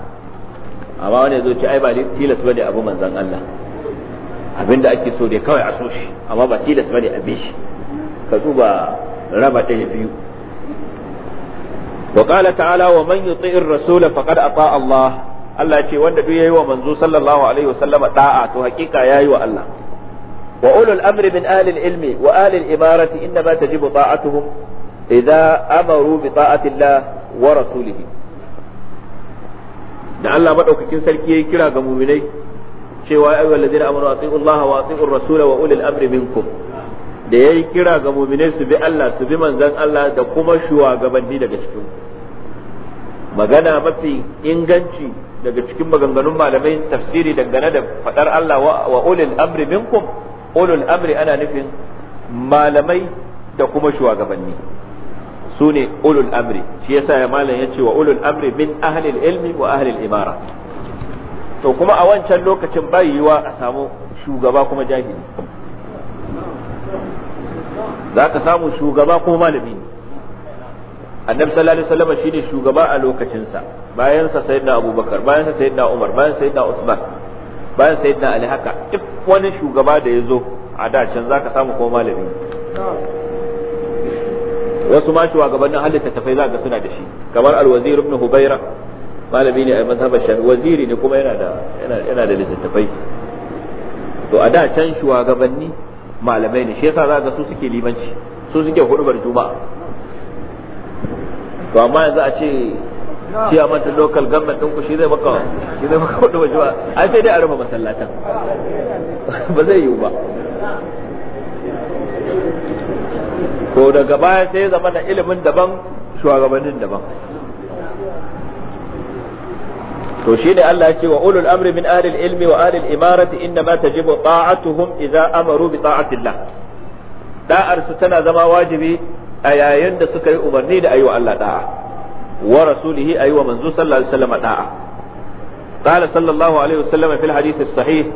amma wani yazo ce ai ba tilas bane abu manzon Allah abinda ake so dai kawai a so shi amma ba tilas bane a bi shi ka duba raba ɗaya biyu waƙala qala ta'ala wa man yuti'ir rasul faqad ata Allah Allah ce wanda duk yayi wa manzo sallallahu alaihi wasallama da'a to hakika yayi wa Allah wa ulul amri min ahli ilmi wa ahli al-imarati inna ma da Allah madaukakin sarki yayi kira ga mu'minai cewa ayyuhallazina amanu atiiu Allah wa atiiu ar-rasula wa ulul amri minkum da yayi kira ga muminai su bi Allah su bi manzon Allah da kuma shugabanni daga cikin magana mafi inganci daga cikin maganganun malamai tafsiri dangane da fadar Allah wa ulul amri minkum ulul amri ana nufin malamai da kuma shugabanni su ne ulul amri shi yasa ya malam ya ce wa ulul amri min ahlil ilmi wa ahlil imara to kuma a wancan lokacin bai yiwa a samu shugaba kuma jahili za ka samu shugaba ko malami ne annabi sallallahu alaihi wasallam shine shugaba a lokacinsa bayan sa sayyidina abubakar bayan sa sayyidina umar bayan sayyidina usman bayan sayyidina ali haka duk wani shugaba da ya zo a da can za ka samu ko malami wasu ma shugabannin halitta tafai za ga suna da shi kamar alwazir ibn hubaira malami ne a mazhabar shafi waziri ne kuma yana da yana da littattafai to a da can shugabanni malamai ne shi yasa za ga su suke limanci su suke hudubar juma'a to amma yanzu a ce shi a mantan local government ɗinku shi zai maka shi zai maka hudubar juma'a ai sai dai a rufe masallatan ba zai yiwu ba to daga baya sai zama da ilimin daban shugabannin daban to shi ne Allah ya ce wa ulul amri min alil ilmi wa alil imarati inna ma tajibu ta'atuhum idza amaru bi ta'atillah da'ar su tana zama wajibi a yayin da suka yi umarni da ayyuka Allah da'a wa rasulihi wa manzo sallallahu alaihi wasallam da'a قال صلى الله عليه وسلم في الحديث الصحيح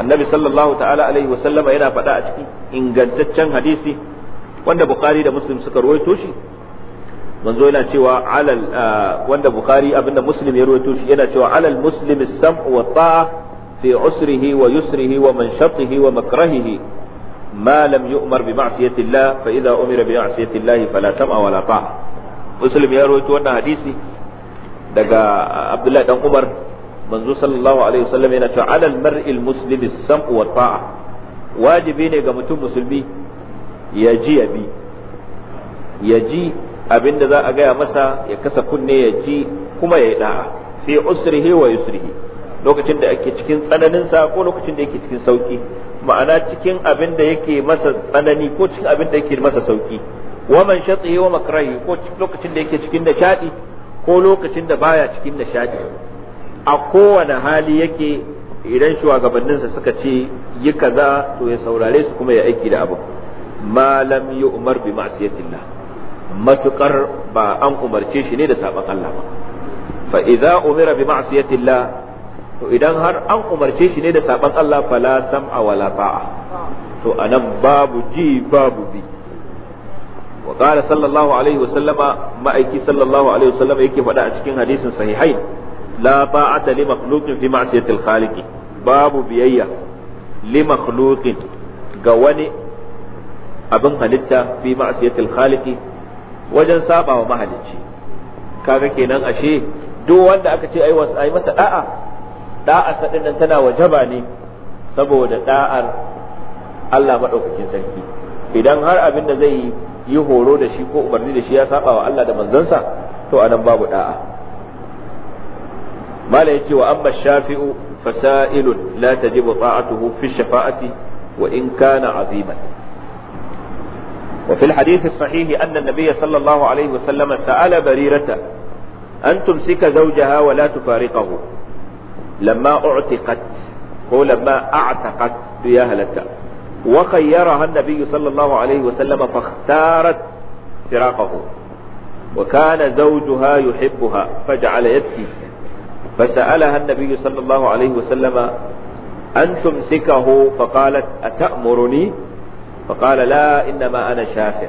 النبي صلى الله تعالى عليه yana faɗa a cikin ingantaccen hadisi wanda bukhari da muslim suka rawaito shi manzo yana cewa alal ah, wanda bukhari abinda muslim ya rawaito shi yana cewa alal muslim as-sam'u wa ta'a fi usrihi wa yusrihi wa manshatihi wa makrahihi ma lam yu'mar bi ma'siyati Allah fa idza umira bi ma'siyati Allah fala sam'a wa la ta'a muslim ya rawaito wannan hadisi daga ah, Abdullahi dan umar manzo sallallahu alaihi wasallam yana cewa alal mar'i al-muslim as-sam'u wa ta'a wajibi ne ga mutum musulmi ya ji ya bi ya ji abinda za a gaya masa ya kasa kunne ya ji kuma ya yi da'a fi usrihi wa yusrihi lokacin da ake cikin tsananin sa ko lokacin da yake cikin sauki ma'ana cikin abin da yake masa tsanani ko cikin abin da yake masa sauki wa man shatihi wa makrahi ko lokacin da yake cikin nishadi ko lokacin da baya cikin nishadi a kowane hali yake idan shugabanninsa suka ce yi kaza to ya saurare su kuma ya aiki da abu ma lam yu'mar bi ma'siyatillah matuƙar ba an umarce shi ne da saban Allah ba fa idza umira bi ma'siyatillah to idan har an umarce shi ne da saban Allah fala sam'a wala ta'a to anan babu ji babu bi wa qala sallallahu alaihi wa sallama ma'aiki sallallahu alaihi wa sallama yake faɗa a cikin hadisin sahihain la ta'ata li makhluqin fi ma'siyatil khaliqi babu biyayya li makhluqin ga wani abin halitta fi ma'siyatil khaliqi wajen saba wa mahalicci kaga kenan ashe duk wanda aka ce ai masa da'a da'a sadin nan tana wajaba ne saboda da'ar Allah madaukakin sarki idan har abin da zai yi horo da shi ko umarni da shi ya saba wa Allah da manzansa to anan babu da'a mala yace wa amma shafi'u fasailun la tajibu ta'atuhu fi shafa'ati wa in kana aziman وفي الحديث الصحيح أن النبي صلى الله عليه وسلم سأل بريرة أن تمسك زوجها ولا تفارقه لما أعتقت هو لما أعتقت يا هلتا وخيرها النبي صلى الله عليه وسلم فاختارت فراقه وكان زوجها يحبها فجعل يبكي فسألها النبي صلى الله عليه وسلم أن تمسكه فقالت أتأمرني فقال لا إنما أنا شافع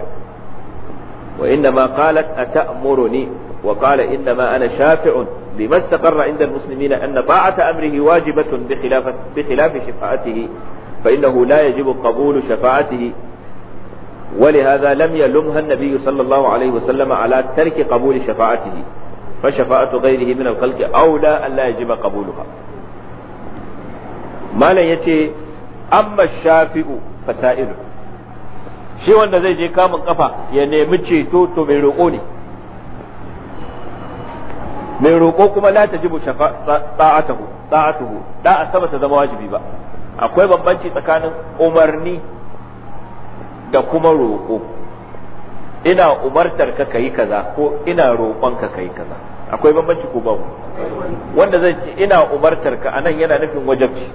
وإنما قالت أتأمرني وقال إنما أنا شافع لما استقر عند المسلمين أن طاعة أمره واجبة بخلاف, بخلاف شفاعته فإنه لا يجب قبول شفاعته ولهذا لم يلمها النبي صلى الله عليه وسلم على ترك قبول شفاعته فشفاعة غيره من الخلق أولى أن لا يجب قبولها ما لن يتي أما الشافع فسائله shi wanda zai je kamun kafa ya nemi ceto to mai roƙo ne mai roƙo kuma la tajibu ta'atuhu da a sama ta zama wajibi ba akwai bambanci tsakanin umarni da kuma roƙo ina umartar ka kai kaza ko ina roƙon ka kai kaza akwai bambanci ko babu wanda zai ce ina umartar ka anan yana nufin wajabci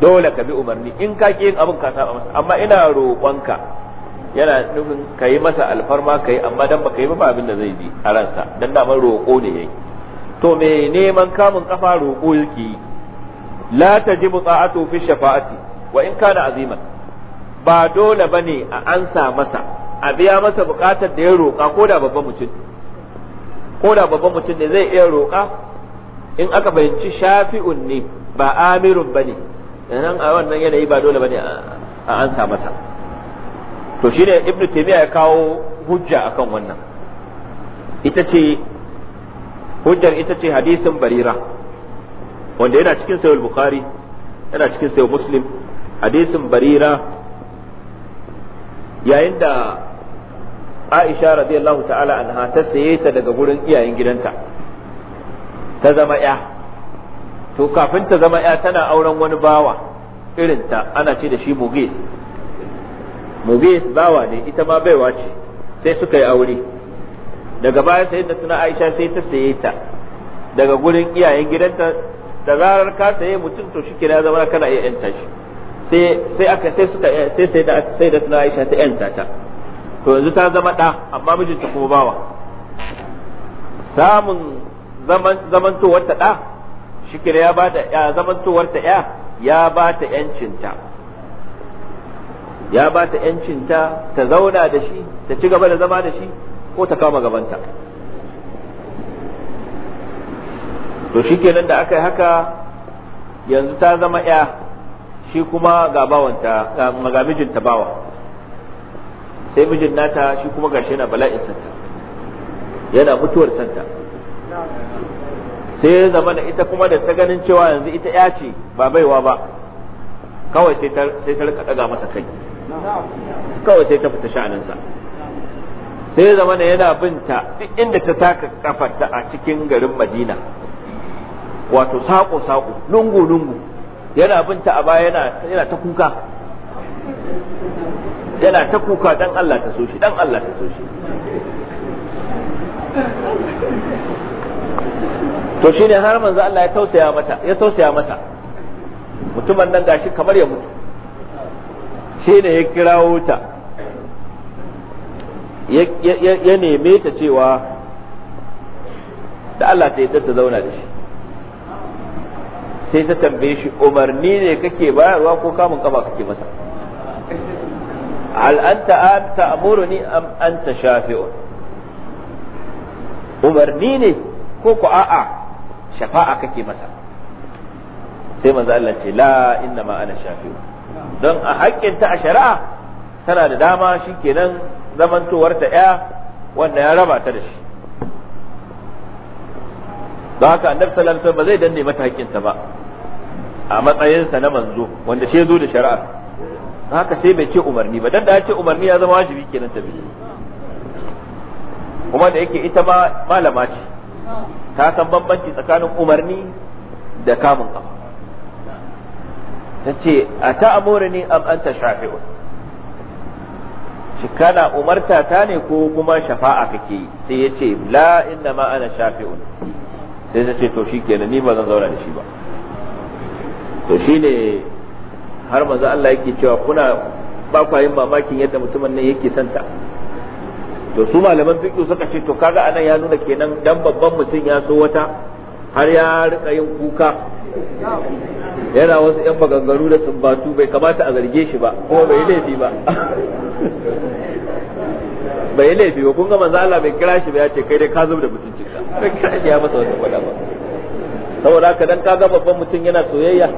dole ka bi umarni in ka ƙi yin abin ka saba masa amma ina roƙonka yana nufin ka yi masa alfarma ka yi amma dan baka yi ba abin da zai ji a ransa dan daman roƙo ne yayi to me neman kamun kafa roƙo yake yi la tajibu ta'atu fi shafa'ati wa in kana aziman ba dole bane a ansa masa a biya masa buƙatar da ya roƙa ko da babban mutum ko da babban mutum ne zai iya roƙa in aka bayyanci shafi'un ne ba amirun bane nan a wannan yanayi ba dole bane a ansa masa to ne ibnu taymiya ya kawo hujja akan wannan ita ce hujjar ita ce hadisin barira wanda yana cikin sayyid bukhari yana cikin sayyid muslim hadisin barira yayin da aisha radiyallahu ta'ala anha ta saye ta daga gurin iyayen gidanta ta zama ya to kafin ta zama ya tana auren wani bawa irinta ana ce da shi bugis biye bawa ne ita ma baiwa ce sai suka yi aure daga baya sai da tuna aisha sai ta saye ta daga gurin iyayen gidanta da zarar ka saye mutum to shi kira zama kana iya yanta shi sai sai aka sai suka sai sai da sai da tuna aisha ta yanta ta to yanzu ta zama da amma mijinta kuma bawa samun zaman zamantowar ta da shi ya ba da zamantowar ta ya ya ba ta yancinta ya ba ta ‘yancinta ta zauna da shi ta ci gaba da zama da shi ko ta kama gabanta to shi kenan da aka yi haka yanzu ta zama ‘ya shi kuma gabawanta ga mijinta bawa sai mijin nata shi kuma gashi yana bala'in santa yana mutuwar santa sai ya zama da ita kuma da ta ganin cewa yanzu ita ‘ya ce ba baiwa ba kawai sai ta rika daga masa kai kawai sai ta fita sha'aninsa sai ya zama yana binta duk inda ta taka kafarta a cikin garin madina wato saƙo-saƙo lungu-lungu yana binta a baya yana ta kuka yana ta kuka dan Allah ta so shi dan Allah ta so shi to shine har manzo Allah ya tausaya mata ya tausaya mata mutumin nan gashi kamar ya mutu shi ne ya kirawo ta ya neme ta cewa da Allah ta yadda ta zauna da shi sai ta tambaye shi umarni ne kake bayarwa ko kamun kafa kake masa hal ta amuru ni am anta shafi'un umarni ne ko ku a'a shafa'a kake masa sai manzo Allah ce la inna ma ana shafi'un don a haƙƙinta a shari'a tana da dama shi kenan zamantowarta ya wanda ya raba ta da shi don haka annabi sallallahu alaihi ba zai danne mata haƙƙinta ba a matsayinsa na manzo wanda shi zo da shari'a haka sai bai ce umarni ba dan da ya ce umarni ya zama wajibi kenan ta bi kuma da yake ita ma malama ce ta san bambanci tsakanin umarni da kamun kafa ta ce a ta'amuri ne am anta shafi'un shi kana umarta ta ne ko kuma shafa'a kake sai ya ce la inna ma ana shafi'un sai ta ce to shi kenan ni ba zan zauna da shi ba to shi ne har maza Allah yake cewa kuna bakwayin mamakin yadda mutumin nan yake santa to su malaman fiqh suka ce to kaga anan ya nuna kenan dan babban mutum ya so wata har ya rika yin kuka yana wasu yan maganganu da sumbatu bai kamata a zarge shi ba kuma bai laifi ba bai laifi ba kun ga manzo Allah bai kira shi ba ya ce kai dai ka zub da mutuncin ka bai kira shi ya masa wata kwada ba saboda haka dan kaga babban mutum yana soyayya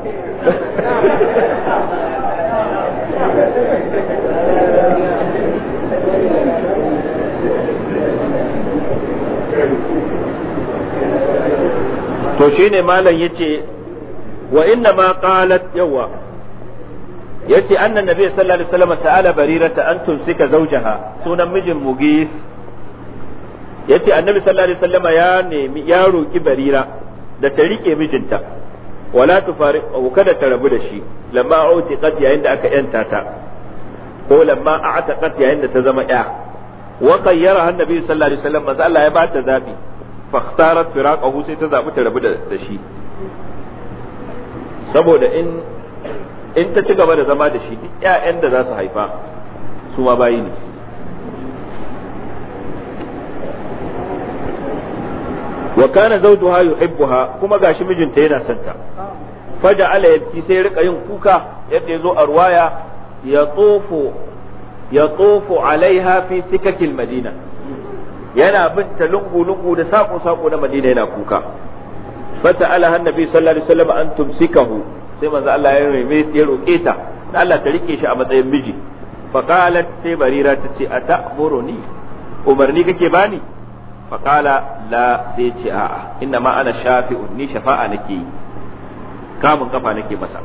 to shine malam yace wa inna ma qalat yawa yace annan nabi sallallahu alaihi wasallam sa'ala barirata an tumsika zawjaha sunan mijin mugis yace annabi sallallahu alaihi wasallam ya nemi ya roki barira da ta riƙe mijinta wala tufari kada ta rabu da shi lamma autiqat yayin da aka yanta ta ko lamma a'taqat yayin da ta zama ya wa qayyara annabi sallallahu alaihi wasallam manzo Allah ya ba ta fa fakhtarat firaqahu sai ta zabi ta rabu da shi saboda in in ta ci gaba da zama da shi duk ƴaƴan da za su haifa su ma bayi ne wa kana zawjuha yuhibbuha kuma gashi mijinta yana son ta, faja ala yabki sai rika yin kuka yadda yazo a ruwaya ya tsofu ya alaiha fi sikakil madina yana binta lungu lungu da sako sako na madina yana kuka fasala han nabi sallallahu alaihi wasallam an tumsikahu sai manzo Allah ya reme ya roke ta dan Allah ta rike shi a matsayin miji fa qalat sai barira ta ce ata'muruni umarni kake bani fa qala la sai ce a'a inna ma ana shafi'un ni shafa'a nake yi kamun kafa nake masa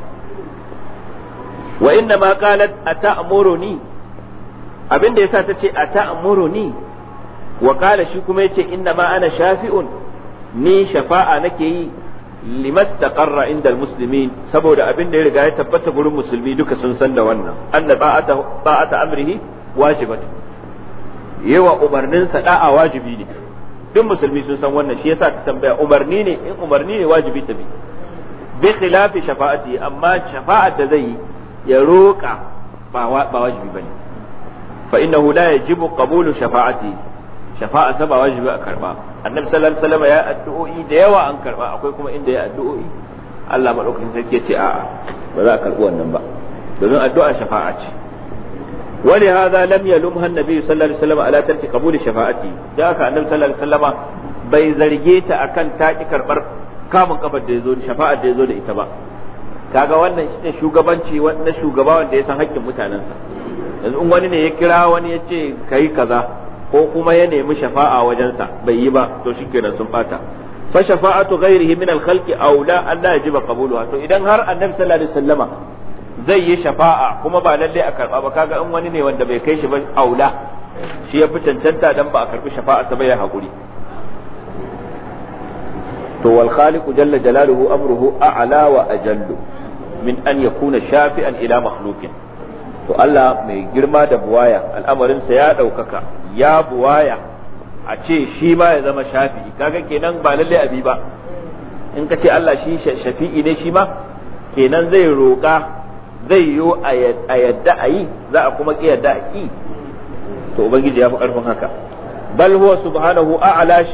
wa inna ma qalat ata'muruni abinda yasa ta ce ata'muruni wa qala shi kuma yace inna ma ana shafi'un ni shafa'a nake yi limastaqarra inda muslimin saboda abin da ya riga ya tabbata gurin musulmi duka sun san da wannan anna ta'ata ta'ata amrihi wajibatu yawa umarnin sa da'a wajibi ne duk musulmi sun san wannan shi yasa ta tambaya umarni ne in umarni ne wajibi ta bi bi khilafi shafa'ati amma shafa'a da zai yi ya roƙa ba wajibi bane fa innahu la yajibu qabulu shafa'ati shafa'a ta ba wajibi a karba annabi sallallahu alaihi wasallam ya addu'o'i da yawa an karba akwai kuma inda ya addu'o'i Allah madaukakin sarki ya ce a'a ba za a karbi wannan ba domin addu'a shafa'a ce wani hada lam yalumha annabi sallallahu alaihi wasallam ala tarki qabuli shafa'ati da haka annabi sallallahu alaihi wasallam bai zarge ta akan taki karbar kamun kafar da yazo shafa'a da yazo da ita ba kaga wannan shine shugabanci na shugaba wanda ya san haƙƙin mutanensa yanzu in wani ne ya kira wani ya ce kai kaza ko kuma ya nemi shafa'a wajensa bai yi ba to shikenan sun bata fa shafa'atu ghairihi min al-khalqi aula an la yajiba qabuluha to idan har annabi sallallahu alaihi wasallama zai yi shafa'a kuma ba lalle a karba ba kaga in wani ne wanda bai kai shi ba aula shi ya fi cancanta dan ba a karbi shafa'a sa ba ya hakuri to wal khaliq jalla jalaluhu amruhu a'la wa ajallu min an yakuna shafi'an ila makhluqin to Allah mai girma da buwaya al'amarinsa ya ɗaukaka. ya buwaya a ce shi ya zama shafi kaga kenan ba lalle abi ba in ka ce Allah shi shafi'i ne shi ma kenan zai roƙa zai yo a yadda a yi za a kuma ƙi yadda a ƙi to ubangiji ya fi ƙarfin haka bal huwa subhanahu a'la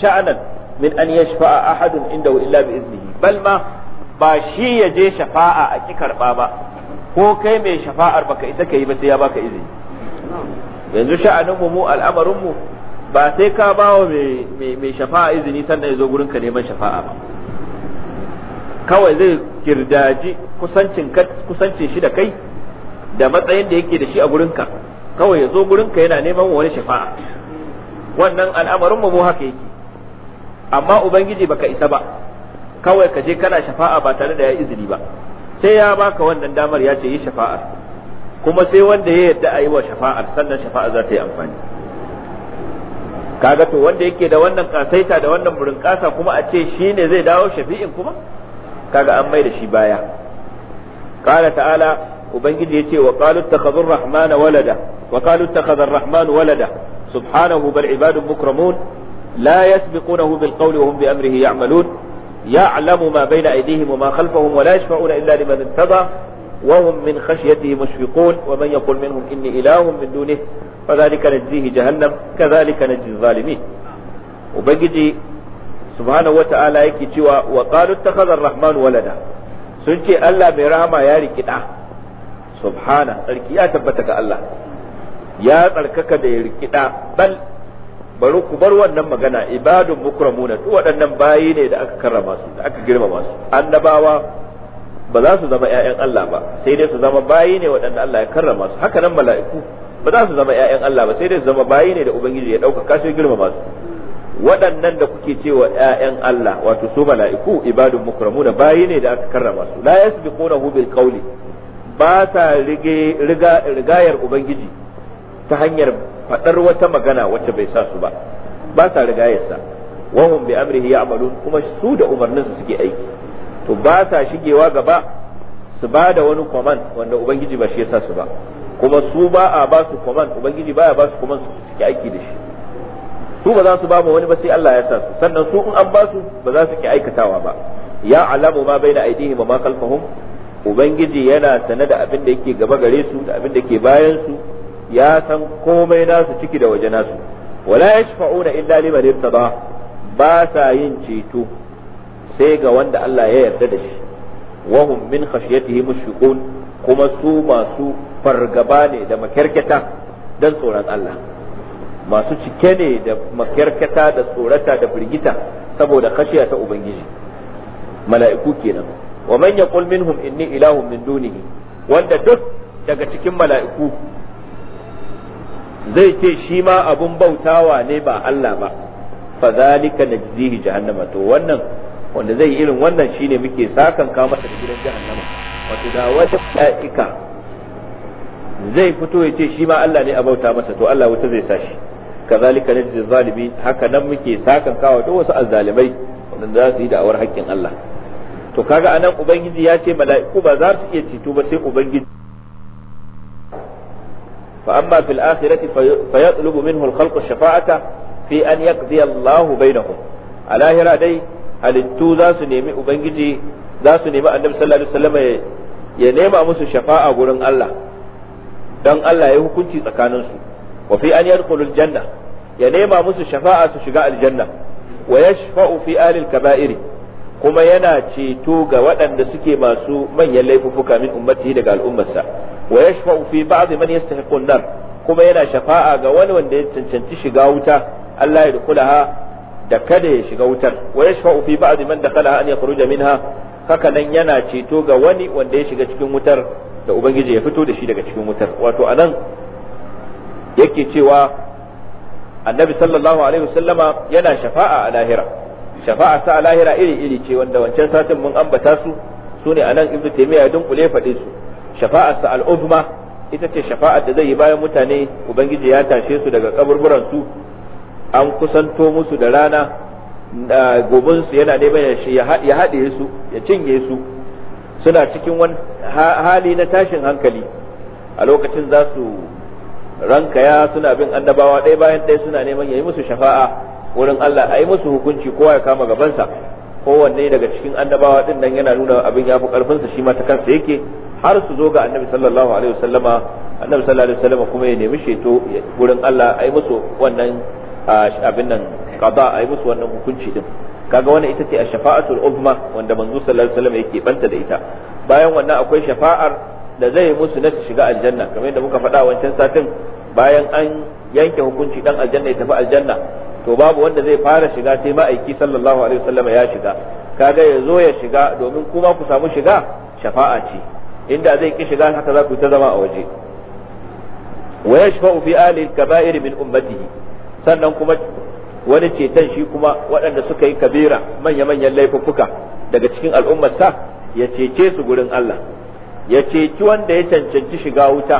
sha'anan min an yashfa'a ahadun inda illa bi iznihi bal ma ba shi ya je shafa'a a ki karɓa ba ko kai mai shafa'ar baka isa ka yi ba sai ya baka izini yanzu sha'aninmu mu al'amarinmu ba sai ka ba wa mai shafa'a izini sannan ya zo gurin ka neman shafa'a ba kawai zai kirdaji kusancin shi da kai da matsayin da yake da shi a ka kawai ya zo ka yana neman wani shafa'a wannan al'amarin mu haka yake amma ubangiji baka isa ba kawai ka je kana shafa'a ba tare da ya izini ba sai ya baka wannan damar ya ce yi shafa'a kuma sai wanda ya yadda a yi wa shafa'ar sannan shafa'a za ta yi amfani kaga to wanda yake da wannan kasaita da wannan burinkasa kuma a ce shi ne zai dawo shafi'in kuma kaga an mai da shi baya qala ta'ala ubangiji ya wa qalu ittakhadhu ar-rahman walada wa qalu ittakhadha ar walada subhanahu bal ibadun mukramun la yasbiqunahu bil qawli wa hum bi amrihi ya'malun يعلم ما بين أيديهم وما خلفهم ولا يشفعون إلا لمن ارتضى وهم من خشيته مشفقون ومن يقول منهم إني إله من دونه فذلك نجزيه جهنم كذلك نجزي الظالمين وبجدي سبحانه وتعالى يكي تيوا وقالوا اتخذ الرحمن ولدا سنتي ألا برحمة يا ركدا سبحانه تركيا تبتك الله يا تركك دي ركدا بل bari ku bar wannan magana ibadun mukramuna duk waɗannan bayi ne da aka karrama su da aka girmama su annabawa ba za su zama ƴaƴan Allah ba sai dai su zama bayi ne waɗanda Allah ya karrama su haka nan mala'iku ba za su zama ƴaƴan Allah ba sai dai su zama bayi ne da ubangiji ya ɗauka kashe girmama su waɗannan da kuke cewa ƴaƴan Allah wato su mala'iku ibadun da bayi ne da aka karrama su la yasbiqunahu bil qawli ba sa rigayar ubangiji ta hanyar faɗar wata magana wacce bai sa su ba ba sa rigayarsa wahum bi amrihi ya'malun kuma su da umarninsa suke aiki to ba sa shigewa gaba su ba da wani command wanda ubangiji ba shi yasa su ba kuma su ba a ba su command ubangiji baya ba su command su ki aiki da shi su ba za su ba wani ba sai Allah ya sa su sannan su in an ba su ba za su ki aikatawa ba ya alamu ma baina aidihim ma khalfahum ubangiji yana sane da abin da yake gaba gare su da abin da ke bayan su ya san komai nasu ciki da waje nasu wala yashfa'una illa liman irtada ba sa yin ceto sai ga wanda Allah ya yarda da shi wahum min khashyatihi mushfiqun kuma su masu fargaba ne da makyarkata dan tsoron Allah masu cike ne da makyarkata da tsorata da firgita saboda khashiya ta ubangiji mala'iku kenan wa man yaqul minhum inni ilahun min dunihi wanda duk daga cikin mala'iku zai ce shi ma abun bautawa ne ba Allah ba fa zalika najzihi jahannama to wannan wanda zai irin wannan shine muke sakan ka masa gidan jahannama wato da wata mala'ika zai fito ya ce shi ma Allah ne a bauta masa to Allah wuta zai sashi kazalika najzi zalimi haka nan muke sakan kawo wasu azzalimai wanda za su yi da'awar haƙƙin Allah to kaga anan ubangiji ya ce mala'iku ba za su iya cito ba sai ubangiji fa amma fil akhirati fa yatlubu minhu al-khalqu shafa'ata fi an yaqdi Allahu bainahum a lahira dai halittu za su nemi ubangiji za su nemi annabi sallallahu alaihi wasallam ya nema musu shafa'a gurin Allah don Allah ya hukunci tsakaninsu wa fi an yadkhulul janna ya nema musu shafa'a su shiga aljanna wa yashfa'u fi ahli kaba'iri kuma yana ceto ga waɗanda suke masu manyan laifuffuka min ummati daga al'ummarsa wa yashfa'u fi ba'd man yastahiqu nar kuma yana shafa'a ga wani wanda ya cancanci shiga wuta Allah ya dukulaha da kada ya shiga wutar wa yashfa'u fi ba'd man dakhala an yakhruja minha haka nan yana ceto ga wani wanda ya shiga cikin wutar da ubangiji ya fito da shi daga cikin wutar wato anan yake cewa annabi sallallahu alaihi wasallama yana shafa'a a lahira shafa'a sa a lahira iri iri ce wanda wancan satin mun ambata su sune anan ibnu taymiya ya dunkule faɗe su shafa'a sa al-uzma ita ce shafa'ar da zai yi bayan mutane ubangiji ya tashe su daga kaburburan su an kusanto musu da rana gobinsu yana neman ya haɗe su ya cinye su suna cikin wani hali na tashin hankali a lokacin za su rankaya suna bin annabawa ɗaya bayan ɗaya suna neman ya yi musu shafa'a wurin Allah a yi musu hukunci kowa ya kama gabansa kowanne daga cikin annabawa ɗin nan yana nuna abin ya fi ƙarfinsa shi ma ta kansa yake har su zo ga annabi sallallahu alaihi wasallama annabi sallallahu alaihi wasallama kuma ya nemi sheto wurin Allah a yi musu wannan abin nan qada a yi musu wannan hukunci din kaga wannan ita ce ash-shafa'atul uzma wanda manzo sallallahu alaihi wasallam yake banta da ita bayan wannan akwai shafa'ar da zai musu na shiga aljanna kamar yadda muka faɗa wancan satin bayan an yanke hukunci dan aljanna ya tafi aljanna to babu wanda zai fara shiga sai ma'aiki sallallahu alaihi wasallam ya shiga kaga ya zo ya shiga domin kuma ku samu shiga shafa'a ce inda zai ki shiga haka za ku ta zama a waje wa yashfa'u fi ali al-kaba'ir min ummatihi sannan kuma wani ceton shi kuma waɗanda suka yi kabira manya-manyan laifuffuka daga cikin al'ummarsa ya cece su gurin Allah ya ceci wanda ya cancanci shiga wuta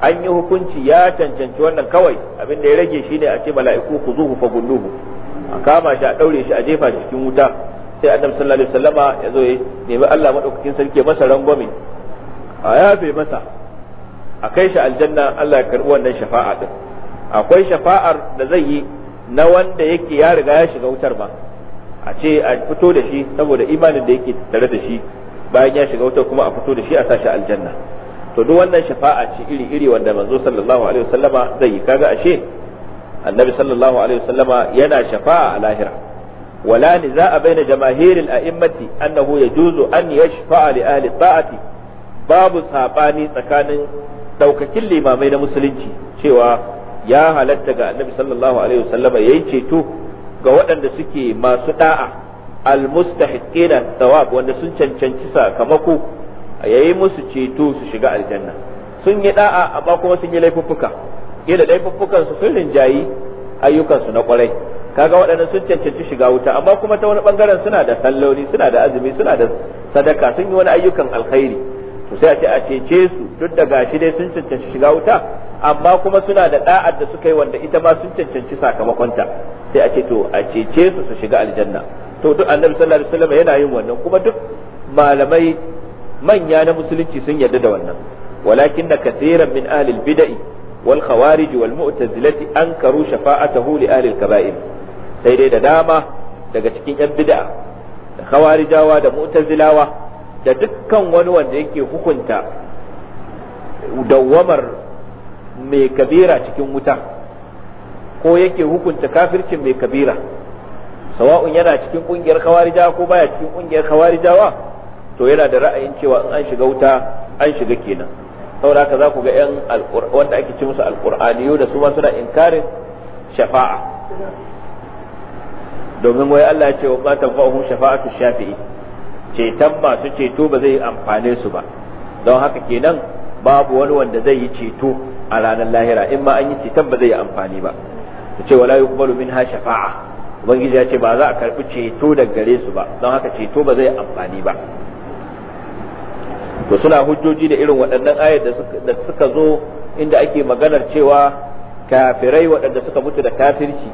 an yi hukunci ya cancanci wannan kawai abin da ya rage shi ne a ce mala'iku ku zuhu fa gulluhu a kama shi a ɗaure shi a jefa shi cikin wuta sai annabi sallallahu alaihi wasallama ya zo ya nemi Allah madaukakin sarki masa rangwame a yafe masa a kai shi aljanna Allah ya karbi wannan shafa'a ɗin. akwai shafa'ar da zai yi na wanda yake ya riga ya shiga wutar ba a ce a fito da shi saboda imanin da yake tare da shi bayan ya shiga wutar kuma a fito da shi a sashi aljanna to duk wannan shafa'a ce iri iri wanda manzo sallallahu alaihi wasallama zai yi kaga ashe annabi sallallahu alaihi wasallama yana shafa'a a lahira ولا نزاع بين جماهير الأئمة أنه يجوز أن يشفع لأهل الطاعة babu saɓani tsakanin ɗaukakin limamai na musulunci cewa ya halatta ga annabi sallallahu alaihi wasallama yayi ceto ga waɗanda suke masu da'a almustahiqina thawab wanda sun cancanci sakamako yayi musu ceto su shiga aljanna sun yi da'a amma kuma sun yi laifuffuka kila laifuffukan su sun rinjayi ayyukan su na kwarai kaga waɗanda sun cancanci shiga wuta amma kuma ta wani bangaren suna da salloli suna da azumi suna da sadaka sun yi wani ayyukan alkhairi to sai a ce a cece su duk da gashi dai sun cancanci shiga wuta amma kuma suna da da'ar da suka yi wanda ita ma sun cancanci sakamakonta sai a ce to a cece su su shiga aljanna to duk annabi sallallahu alaihi wasallam yana yin wannan kuma duk malamai manya na musulunci sun yarda da wannan walakin da kathiran min ahli bid'i wal khawarij wal mu'tazilati ankaru shafa'atahu li ahli kabair sai dai da dama daga cikin yan bid'a da khawarijawa da mu'tazilawa da dukkan wani wanda yake hukunta dawwamar mai kabira cikin wuta ko yake hukunta kafircin mai kabira sawa'un yana cikin kungiyar kawarija ko baya cikin kungiyar khawarijawa to yana da ra'ayin cewa in an shiga wuta an shiga kenan saboda za ku ga yan wanda ake ci musu yau da su ma suna inkarin shafa'a domin wai Allah ya ce wa qatan fa'uhum shafa'atu shafi'i ceton masu ceto ba zai amfane su ba don haka kenan babu wani wanda zai yi ceto a ranar lahira in ma an yi citan ba zai yi amfani ba ta ce wala yuqbalu minha shafa'a ubangiji ya ce ba za a karbi ceto da gare su ba don haka ceto ba zai amfani ba to suna hujjoji da irin waɗannan ayar da suka zo inda ake maganar cewa kafirai waɗanda suka mutu da kafirci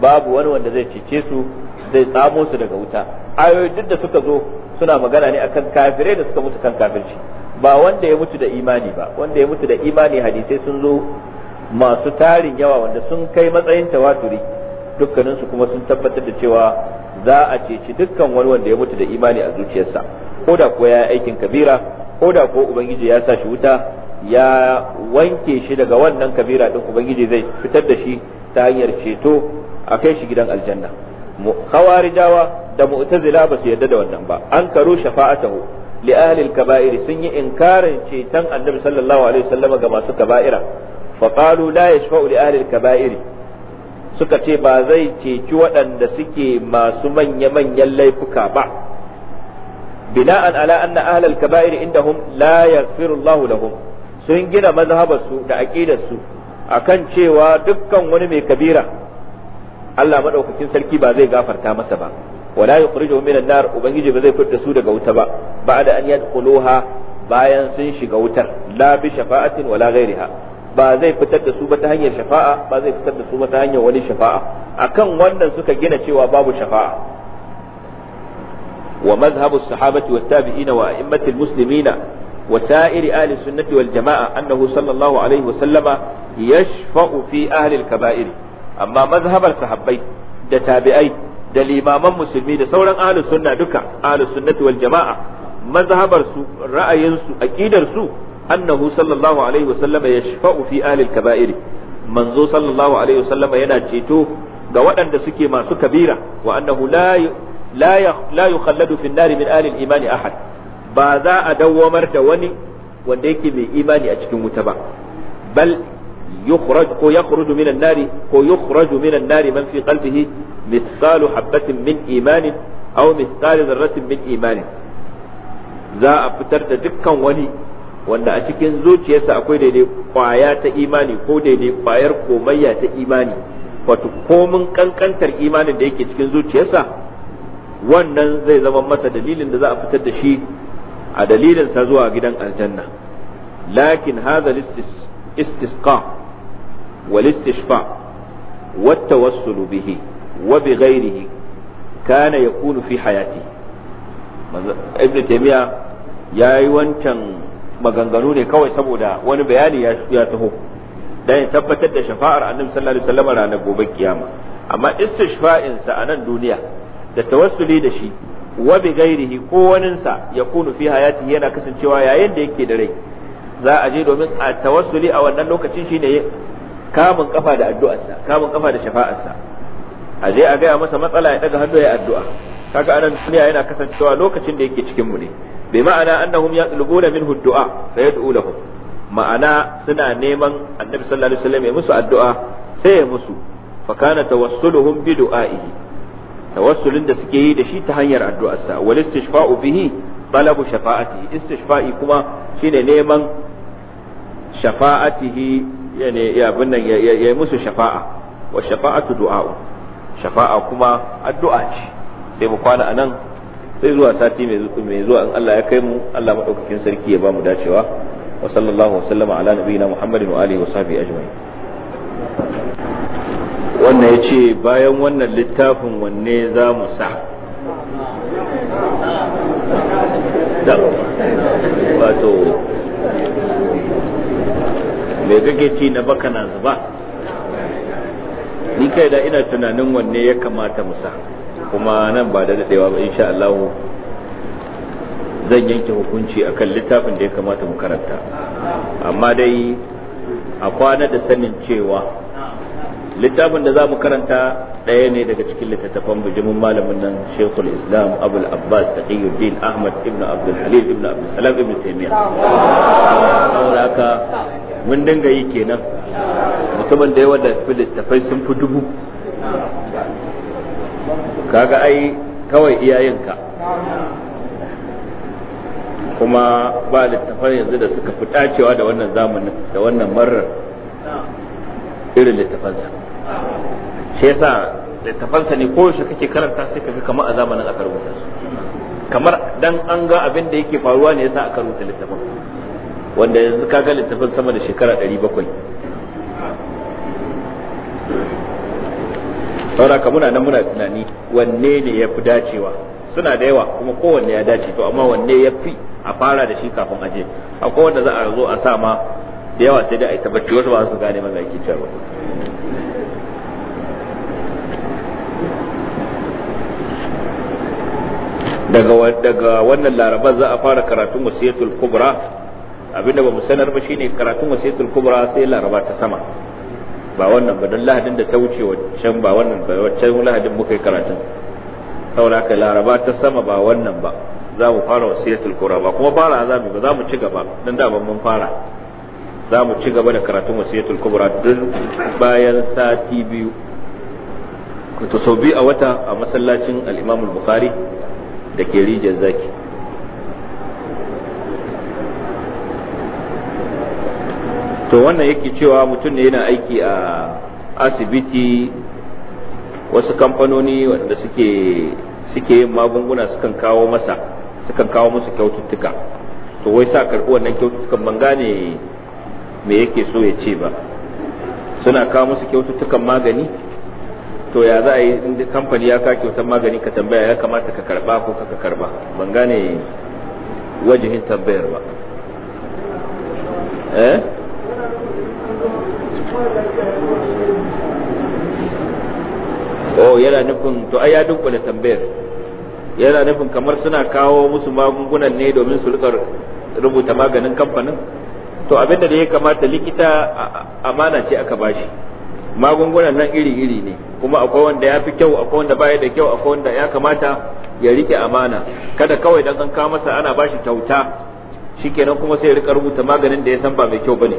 babu wani wanda zai cece su zai tsamo su daga wuta ayoyi duk da suka zo suna magana ne akan kafirai da suka mutu kan kafirci ba wanda ya mutu da imani ba wanda ya mutu da imani hadisai sun zo masu tarin yawa wanda sun kai matsayin tawaturi dukkaninsu kuma sun tabbatar da cewa za a ceci dukkan wani wanda ya mutu da imani a zuciyarsa ko da kuwa ya aikin kabira ko da kuwa ubangiji ya sa shi wuta ya wanke shi daga wannan kabira din ubangiji zai fitar da shi ta hanyar ceto a kai shi gidan aljanna khawarijawa da mu'tazila ba su yarda da wannan ba an karo shafa'atahu li ahli al sun yi inkarin ceton annabi sallallahu alaihi wasallam ga masu kaba'ira fa qalu suka ce ba zai ceci waɗanda suke masu manya-manyan laifuka ba bina'an ala anna ahlal kaba'ir indahum la yaghfiru Allahu lahum sun gina mazhabarsu da aqidarsu akan cewa dukkan wani mai kabira Allah madaukakin sarki ba zai gafarta masa ba wala yukhrijuhum min an-nar ubangiji ba zai fitar su daga wuta ba ba'da an bayan sun shiga wutar la bi shafa'atin wala ghairiha ba zai fitar da su ba ta hanyar shafa'a ba zai fitar da su ba ta hanyar wani shafa'a akan wannan suka gina cewa babu shafa'a a الصحابة والتابعين وأئمة المسلمين وسائر أهل السنة والجماعة أنه صلى الله عليه وسلم يشفع في أهل الكبائر amma mazhabar الصحابي da tabi'ai da limaman musulmi da sauran ahlus sunna duka ahlus sunnati wal jama'a mazhabar su ra'ayin su aqidar su annahu sallallahu alaihi wasallam yashfa'u fi ahli al-kaba'ir manzo sallallahu alaihi wasallam yana ceto ga waɗanda suke masu kabira wa annahu la la yukhalladu fi an-nar min ahli al-iman ahad ba za a dawwamar da wani wanda yake mai imani a cikin wuta ba bal يخرج كو يخرج من النار كو مثقال حبة من إيمان أو مثقال ذرة من إيمان za a fitar da dukkan wani wanda a cikin zuciyarsa akwai daidai kwaya ta imani ko daidai kwayar komayya ta imani wato komin kankantar imanin da yake cikin zuciyarsa wannan zai zama masa dalilin da za a fitar da shi a dalilinsa zuwa gidan aljanna lakin hadha istisqa wal istishfa wat tawassul bihi wa bi ghairihi kana yakunu fi hayati ibn taymiya yayi wancan maganganu ne kawai saboda wani bayani ya taho dan tabbatar da shafa'ar annabi sallallahu alaihi wasallam ranar gobe kiyama amma istishfa'in sa a nan duniya da tawassuli da shi wa bi ghairihi ko waninsa yakunu fi hayati yana kasancewa yayin da yake da rai za a je domin a tawassuli a wannan lokacin shine kamun kafa da addu'arsa kamun kafa da shafa'arsa a je a gaya masa matsala ya daga hannu ya addu'a kaga anan duniya yana kasancewa lokacin da yake cikin mu ne bi ma'ana annahum yatlubuna minhu du'a fa yad'u lahum ma'ana suna neman annabi sallallahu alaihi wasallam ya musu addu'a sai ya musu fa kana tawassuluhum bi du'a'ihi tawassulin da suke yi da shi ta hanyar addu'arsa wal istishfa'u bihi talabu shafa'atihi istishfa'i kuma shine neman shafa'atihi yani ya bunnan musu shafa'a wa shafa'atu du'a'u shafa'a kuma addu'a ce sai mu kwana a nan sai zuwa sati mai zuwa in Allah ya kai mu Allah maɗaukakin sarki ya ba mu dacewa wa sallallahu wa sallama ala nabiyina muhammadin wa alihi wa sahbihi ajma'in wannan ya ce bayan wannan littafin wanne za mu sa wato me kake ci na baka na zuba da ina tunanin wanne ya kamata musa kuma nan ba da daɗewa ba insha Allah zan yanke hukunci akan littafin da ya kamata mu karanta amma dai a kwana da sanin cewa littafin da za mu karanta ɗaya ne daga cikin littattafan bijimin malamin nan shekul islam abul abbas taqiyuddin ahmad ibn abdul halil ibn abdul salam ibn taymiyyah mun dinga yi kenan mutumin da yawa da littafai sun fi dubu kaga ai kawai iyayenka kuma ba littattafan yanzu da suka fi dacewa da wannan zamanin da wannan marar irin littafansa shi yasa littafansa ne ko shi kake karanta sai kaga kama a zamanin aka rubuta su kamar dan an ga abin da yake faruwa ne yasa aka rubuta littafan. wanda yanzu ka kaga littafin sama da shekara 700 ka muna nan muna tunani wanne ne ya fi dacewa suna da yawa kuma kowanne ya dace to amma wanne ya fi a fara da shi kafin aje akwai wanda za a zo a sa ma da yawa sai dai a yi tabbaci wasu ba su gane maza ke cewa daga wannan larabar za a fara karatun wasiyatul kubra abinda ba mu sanar ba shine karatun wasiyatul kubra sai laraba ta sama ba wannan ba don lahadin da ta wuce waccan ba wannan ba waccan lahadin muka yi karatun saboda haka laraba ta sama ba wannan ba za mu fara wasiyatul kubra ba kuma fara azami ba za mu ci gaba dan da ban mun fara za mu ci gaba da karatun wasiyatul kubra duk bayan sati biyu ku sau biyu a wata a masallacin al-Imam bukhari da ke rijiyar zaki to wannan yake cewa mutum ne yana aiki a asibiti wasu kamfanoni wanda suke suke yin magunguna sukan kawo masa sukan kawo masa kyaututtuka to wai sa karɓi wannan kyaututtukan ban gane me yake so ya ce ba suna kawo musu kyaututtukan magani to ya za a yi inda kamfani ya ka kyautar magani ka tambaya ya kamata ka karba ko ka karba ban gane wajihin tambayar ba eh oh yana nufin to ai ya dunkule tambayar yana nufin kamar suna kawo musu magungunan ne domin su rika rubuta maganin kamfanin to abinda da ya kamata likita amana ce aka bashi magungunan nan iri-iri ne kuma akwai wanda ya fi kyau akwai wanda baya da kyau akwai wanda ya kamata ya rike amana kada kawai dan an kawo masa ana bashi kyauta shikenan kuma sai ya rika rubuta maganin da ya san ba mai kyau bane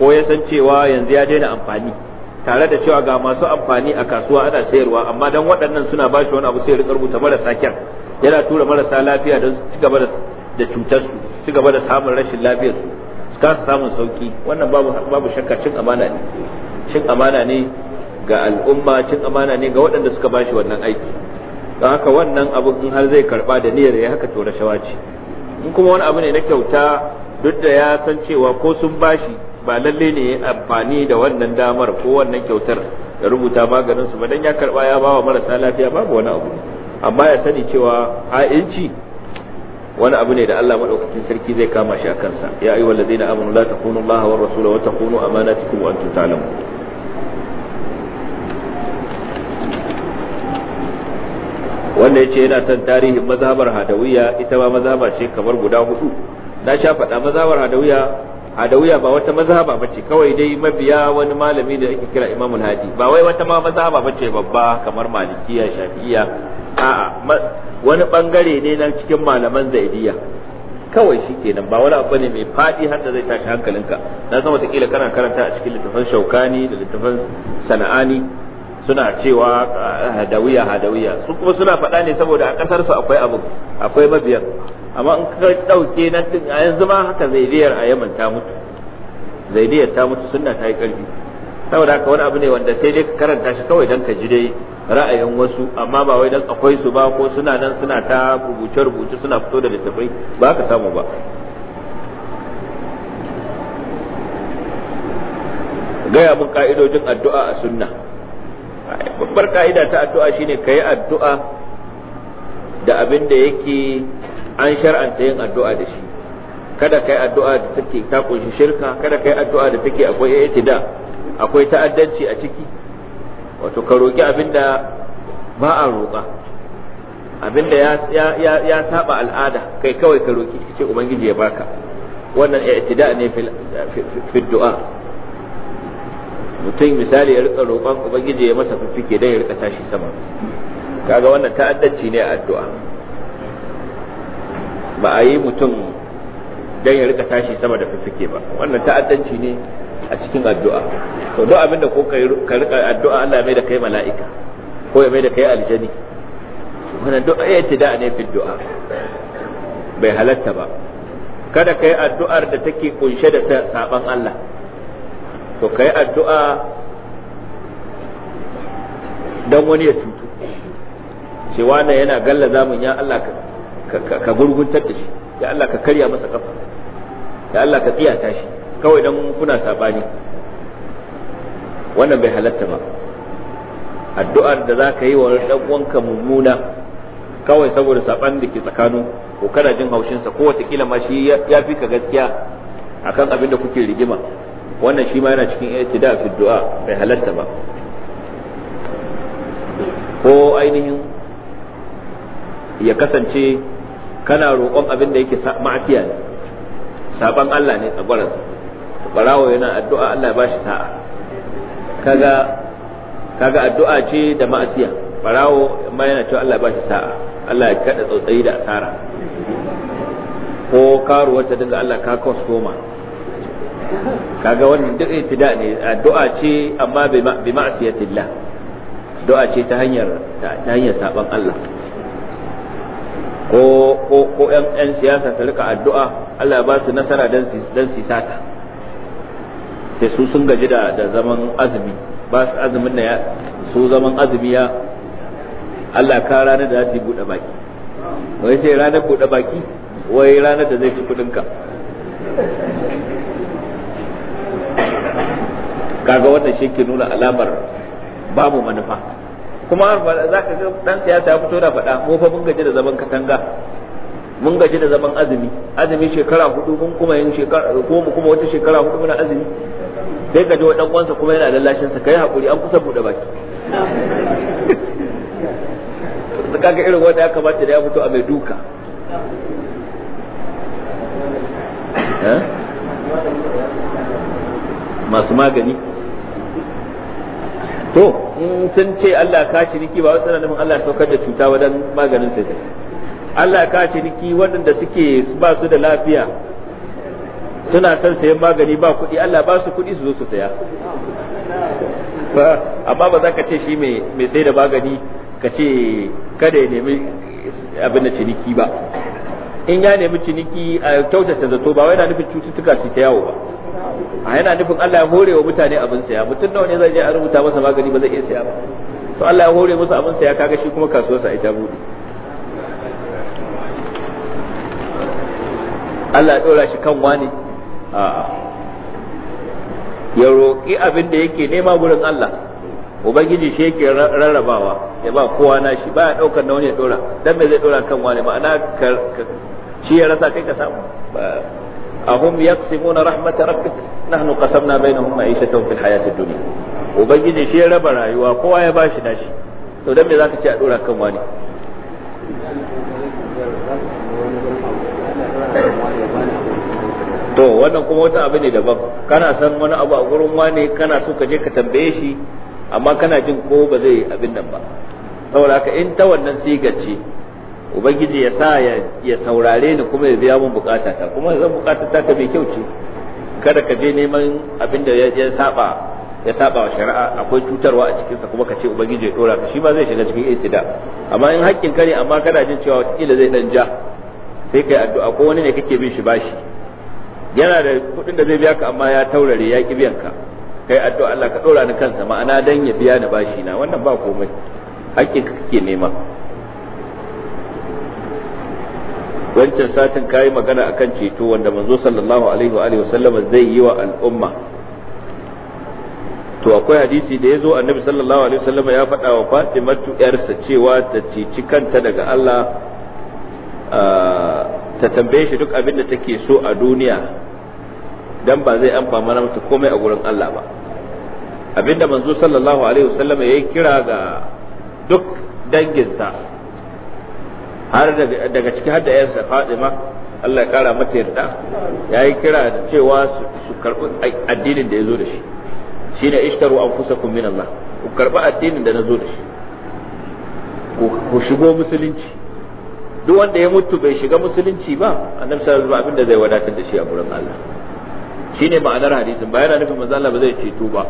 ko ya san cewa yanzu ya daina amfani tare da cewa ga masu amfani a kasuwa ana sayarwa amma dan waɗannan suna ba shi wani abu sai ya rubuta marasa kyan yana tura marasa lafiya don su ci gaba da cutar su ci da samun rashin lafiyar su su kasa samun sauki wannan babu babu shakka cin amana ne cin amana ne ga al'umma cin amana ne ga waɗanda suka bashi wannan aiki don haka wannan abu in har zai karba da niyyar ya haka to rashawa ce in kuma wani abu ne na kyauta duk da ya san cewa ko sun bashi ba lalle ne ya amfani da wannan damar ko wannan kyautar da rubuta maganin su ba dan ya karba ya bawa marasa lafiya babu wani abu amma ya sani cewa ha'inci wani abu ne da Allah madaukakin sarki zai kama shi a kansa ya ayyuhal ladina amanu la takunu Allah wa rasulahu wa takunu amanatikum wa antum ta'lamun wanda yace yana son tarihin mazhabar hadawiyya ita ma mazhaba ce kamar guda hudu na sha faɗa mazhabar hadawiyya hadawiya ba wata mazhaba bace kawai dai mabiya wani malami da ake kira Imam Hadi ba wai wata ma mazhaba bace babba kamar Malikiya Shafi'iyya a'a wani bangare ne nan cikin malaman Zaidiyya kawai shi kenan ba wani abu ne mai faɗi har da zai tashi hankalinka na san kila kana karanta a cikin littafan shaukani da littafan sana'ani suna cewa ah, hadawiya hadawiya su kuma suna faɗa ne saboda a ƙasar su akwai abu akwai mabiyan amma in ka ɗauke nan din a yanzu ma haka zaidiyar a yaman ta mutu zaidiyar ta mutu sunna ta yi ƙarfi saboda haka wani abu ne wanda sai dai ka karanta shi kawai dan ka ji dai ra'ayin wasu amma ba wai dan akwai su ba ko suna nan suna ta rubuce rubuce suna fito da littafai ba ka samu ba gaya mun ka'idojin addu'a a sunna babbar ka'ida ta addu'a shine ka yi addu'a da abin da yake an shar'anta yin addu'a da shi kada ka yi addu'a da take ta kunshi shirka kada ka yi addu'a da take akwai itida akwai ta'addanci a ciki wato ka roki abin da ba a roƙa abin da ya saba al'ada kai kawai ka roki ce ubangiji ya baka wannan i'tida ne fil du'a mutum misali ya rika roƙon ubangiji ya masa fiffike dan ya rika tashi sama kaga wannan ta'addanci ne a addu'a ba a yi mutum dan ya rika tashi sama da fiffike ba wannan ta'addanci ne a cikin addu'a to duk abinda ko ka rika addu'a Allah mai da kai mala'ika ko ya mai da kai aljani wannan duk da'a ne fi du'a bai halatta ba kada kai addu'ar da take kunshe da saɓan Allah to ka yi addu'a don wani ya cutu cewa na yana galla zamun ya Allah ka gurguntar da shi ya Allah ka karya masa kafa ya Allah ka tsiyata shi kawai don kuna sabani wannan bai halatta ba addu'ar da za ka yi wa ɗan uwanka mummuna kawai saboda saɓan da ke tsakanin ko kana jin haushinsa ko watakila ma shi ya fi ka gaskiya akan abin da kuke rigima wannan shi ma yana cikin ittida fi du'a bai halatta ba ko ainihin ya kasance kana roƙon abin da yake ma'asiya ne saban Allah ne tsagwararsa barawo yana addu'a Allah ya bashi sa'a kaga kaga addu'a ce da ma'asiya barawo ma yana cewa Allah ya bashi sa'a Allah ya kada tsautsayi da asara ko karuwar ta dinga Allah ka koma kaga wannan duk ittida ne addu'a ce amma bi ma'siyatillah addu'a ce ta hanyar ta hanyar saban Allah ko ko ko yan siyasa su rika addu'a Allah ya ba su nasara dan su dan su sata sai su sun gaji da da zaman azumi ba su azumin da su zaman azumi ya Allah ka ranar da za su bude baki wai sai ranar bude baki wai ranar da zai ci kudin ka kaga wannan shi ke nuna alamar babu manufa kuma za ka ga dan siyasa ya fito da faɗa mu fa mun gaji da zaman katanga mun gaji da zaman azumi azumi shekara hudu mun kuma yin shekara ko mu kuma wata shekara hudu muna azumi sai ka ji wa dan uwansa kuma yana lallashin sa kai hakuri an kusa bude baki kaga irin wanda ya kamata da ya fito a mai duka eh? masu magani to in sun ce Allah ka ciniki ba wasu nufin Allah saukar da cuta wajen maganin sai Allah ka ciniki waɗanda suke ba su da lafiya suna son sayan magani ba kuɗi Allah ba su kuɗi su zo su saya amma ba za ka ce shi mai sai da magani ka ce kada ya nemi abin da ciniki ba in ya nemi ciniki a kyautata zato ba wai na nufin cututtuka su ta yawo ba a yana nufin Allah ya hore wa mutane abin saya mutum nawa ne zai je a rubuta masa magani ba zai iya saya ba to Allah ya hore musu abin saya kaga shi kuma kasuwarsa ita bude Allah ya dora shi kan wani a ya roƙi abin da yake nema gurin Allah ubangiji shi yake rarrabawa ya ba kowa na shi ya daukar na wani ya dora dan me zai dora kan wani ma'ana shi ya rasa kai ka samu ahum kasan na rabbik nahnu qasamna bainahum ma'ishatahum fil hayatid dunya ubangiji shi ya raba rayuwa kowa ya bashi nashi to dan me zaka ce a dora kan wani to wannan kuma wata abu ne daban kana san wani abu a gurin wani kana so ka je ka tambaye shi amma kana jin ko ba zai abin nan ba saboda haka in ta wannan sigar ce ubangiji ya sa ya saurare ni kuma ya biya mun bukata ta kuma zan bukata ta mai kyau ce kada ka je neman abin da ya saba ya saba wa shari'a akwai cutarwa a cikinsa kuma ka ce ubangiji ya dora ka shi ma zai shiga cikin itida amma in hakkin ka ne amma kada jin cewa wataƙila zai dan ja sai kai addu'a ko wani ne kake bin shi bashi yana da kuɗin da zai biya ka amma ya taurare ya ki biyan ka kai addu'a Allah ka dora ni kansa ma'ana dan ya biya ni bashi na wannan ba komai hakkin ka kake nema wancan satin kayi magana akan ceto wanda manzo sallallahu alaihi wa alihi wasallama zai yi wa al'umma to akwai hadisi da ya zo annabi sallallahu alaihi wasallama ya faɗa wa fatimatu yarsa cewa ta cici kanta daga Allah ta tambaye shi duk abin da take so a duniya dan ba zai amfana mata komai a gurin Allah ba abinda manzo sallallahu alaihi wasallama ya kira ga duk danginsa har daga ciki har da yansa Fatima Allah ya kara mata yarda yayi kira da cewa su karbi addinin da yazo da shi shine ishtaru anfusakum min Allah ku karɓi addinin da nazo da shi ku shigo musulunci duk wanda ya mutu bai shiga musulunci ba annabi sallallahu alaihi abinda zai wadatar da shi a gurin Allah shine ma'anar hadisin ba yana nufin manzo Allah ba zai ceto ba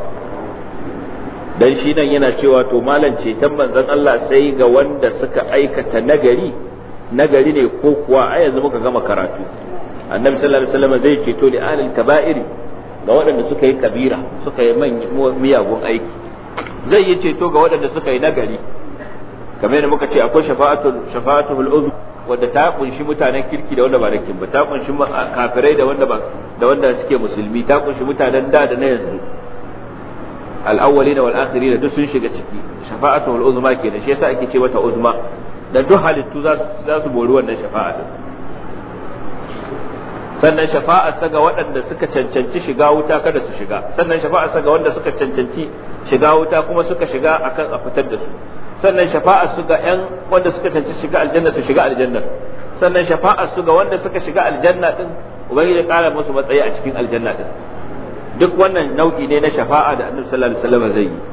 dan shi nan yana cewa to malam ce, manzon Allah sai ga wanda suka aikata nagari nagari ne ko kuwa a yanzu muka gama karatu annabi sallallahu alaihi wasallam zai ceto li alil kaba'iri ga waɗanda suka yi kabira suka yi miyagun aiki zai yi ceto ga waɗanda suka yi nagari kamar yadda muka ce akwai shafa'atul shafa'atul uzm wanda ta kunshi mutanen kirki da wanda ba kirki ba ta kunshi kafirai da wanda ba da wanda suke musulmi ta kunshi mutanen da da na yanzu al-awwalina wal-akhirina duk sun shiga ciki shafa'atul uzma kenan shi yasa ake ce mata uzma da duk halittu za su bori wannan shafa'a din sannan shafa'a shafa'arsa ga waɗanda suka cancanci shiga wuta kada su shiga sannan shafa'a shafa'arsa ga wanda suka cancanci shiga wuta kuma suka shiga akan a fitar da su sannan shafa'a su ga 'yan wanda suka cancanci shiga aljanna su shiga aljannar sannan shafa'a su ga wanda suka shiga aljanna din ubangiji ƙara musu matsayi a cikin aljanna din duk wannan nau'i ne na shafa'a da annabi sallallahu alaihi wasallam zai yi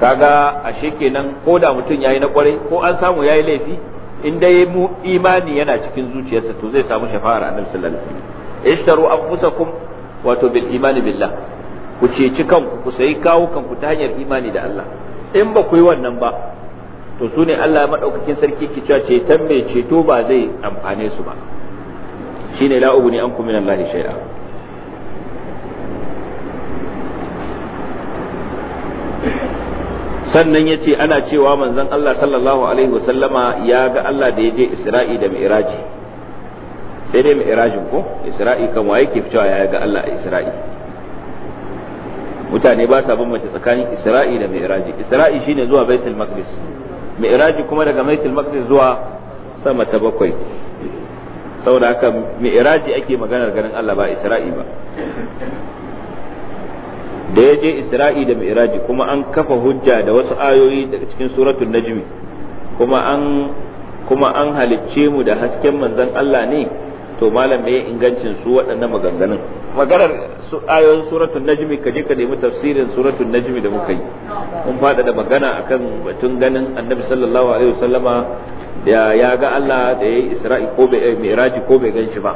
kaga ashe kenan ko da mutum yayi na kwarai ko an samu yayi laifi in dai mu imani yana cikin zuciyarsa to zai samu shafa'ar annabi sallallahu alaihi wasallam ishtaru anfusakum wato bil imani billah ku ceci kanku ku sayi kawo kanku ta hanyar imani da Allah in ba ku yi wannan ba to su ne Allah maɗaukakin sarki ki cewa ceton mai ceto ba zai amfane su ba shine la'ubuni ne an shay'a sannan ya ce ana cewa manzon Allah sallallahu alaihi wasallama ya ga Allah da ya je Isra'i da Mi'raji sai dai Mi'rajin ko Isra'i kan waye ke fitowa ya ga Allah a Isra'i mutane ba sa mace tsakanin Isra'i da Mi'raji Isra'i shine zuwa Baitul Maqdis Mi'raji kuma daga Baitul Maqdis zuwa sama ta bakwai saboda haka Mi'raji ake maganar ganin Allah ba Isra'i ba da ya je isra'i da mi'raji kuma an kafa hujja da wasu ayoyi daga cikin suratul najmi kuma an kuma an halicce mu da hasken manzon Allah ne to malam me ingancin su waɗannan maganganun maganar su ayoyin suratul najmi kaje ka nemi tafsirin suratul najmi da muka yi mun fada da magana akan batun ganin annabi sallallahu alaihi wasallama da ya ga Allah da ya yi isra'i ko bai mi'raji ko bai ganshi ba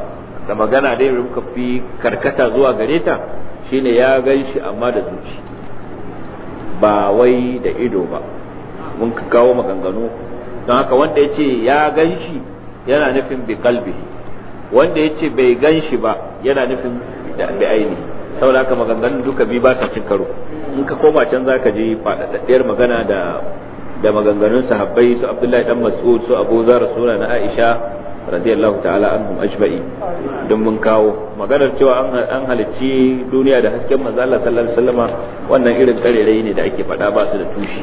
da magana dai da muka fi karkata zuwa gare ta shine ya gan shi amma da zuci ba wai da ido ba mun ka kawo maganganu don haka wanda ya ce ya gan shi yana nufin bi kalbi wanda ya ce bai gan shi ba yana nufin bi aini saboda haka maganganun duka bi ba sa cin karo in ka koma can za ka je faɗaɗɗiyar magana da da maganganun sahabbai su abdullahi dan mas'ud su abu zara suna na aisha radiyallahu ta'ala anhum ajma'i don mun kawo maganar cewa an halicci duniya da hasken manzo Allah sallallahu alaihi wasallama wannan irin karerai ne da ake faɗa ba su da tushi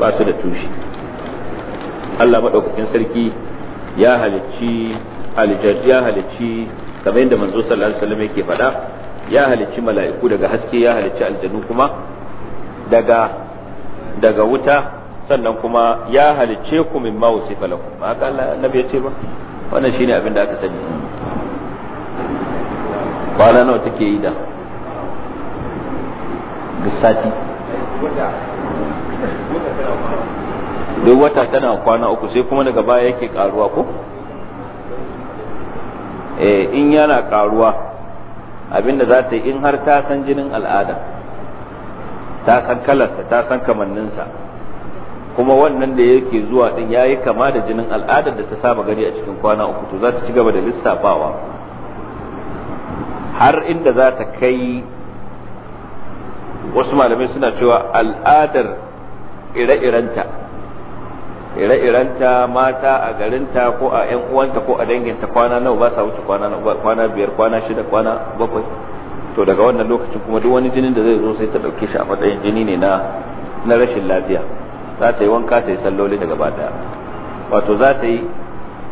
ba su da tushi Allah madaukakin sarki ya halicci aljad ya halicci kamar yadda manzo sallallahu alaihi wasallam yake faɗa ya halicci mala'iku daga haske ya halicci aljanu kuma daga daga wuta sannan kuma ya halicce ku min ma wasifa ba ka Allah annabi ya ce ba wannan ne abin da aka sani kwana nawa take yi da sati duk wata tana kwana uku sai kuma daga baya yake karuwa ko eh, in yana karuwa abinda za ta yi in har ta san jinin al'ada ta san kalarsa ta san kamanninsa kuma wannan da yake zuwa din yayi kama da jinin al'adar da ta saba gani a cikin kwana uku to za ta ci gaba da lissafawa har inda za ta kai wasu malamai suna cewa al'adar ire-irenta ire-irenta mata a garinta ko a 'yan uwanta ko a danginta kwana nawa ba sa wuce kwana kwana biyar kwana shida kwana bakwai to daga wannan lokacin kuma duk wani jinin da zai zo sai ta ɗauke shi a matsayin jini ne na rashin lafiya za ta yi wanka ta yi salloli da gaba daya wato za ta yi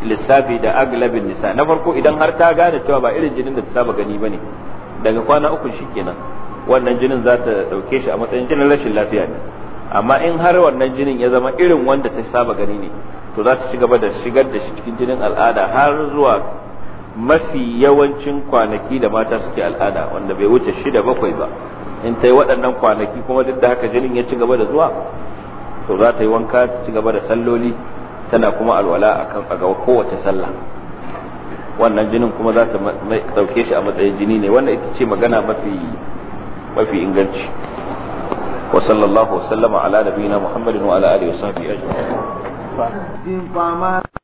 lissafi da aglabin nisa na farko idan har ta gane cewa ba irin jinin da ta saba gani bane daga kwana uku shikenan wannan jinin za ta dauke shi a matsayin jinin rashin lafiya ne amma in har wannan jinin ya zama irin wanda ta saba gani ne to za ta ci gaba da shigar da shi cikin jinin al'ada har zuwa mafi yawancin kwanaki da mata suke al'ada wanda bai wuce shida bakwai ba in ta yi waɗannan kwanaki kuma duk da haka jinin ya ci gaba da zuwa to za ta yi wanka ta ci gaba da salloli tana kuma alwala kan a gaba kowace sallah wannan jinin kuma za ta dauke shi a matsayin jini ne wannan ita ce magana mafi mafi inganci wa sallallahu sallama ala nabiyina muhammadin wa ala alihi wa sahbihi ajma'in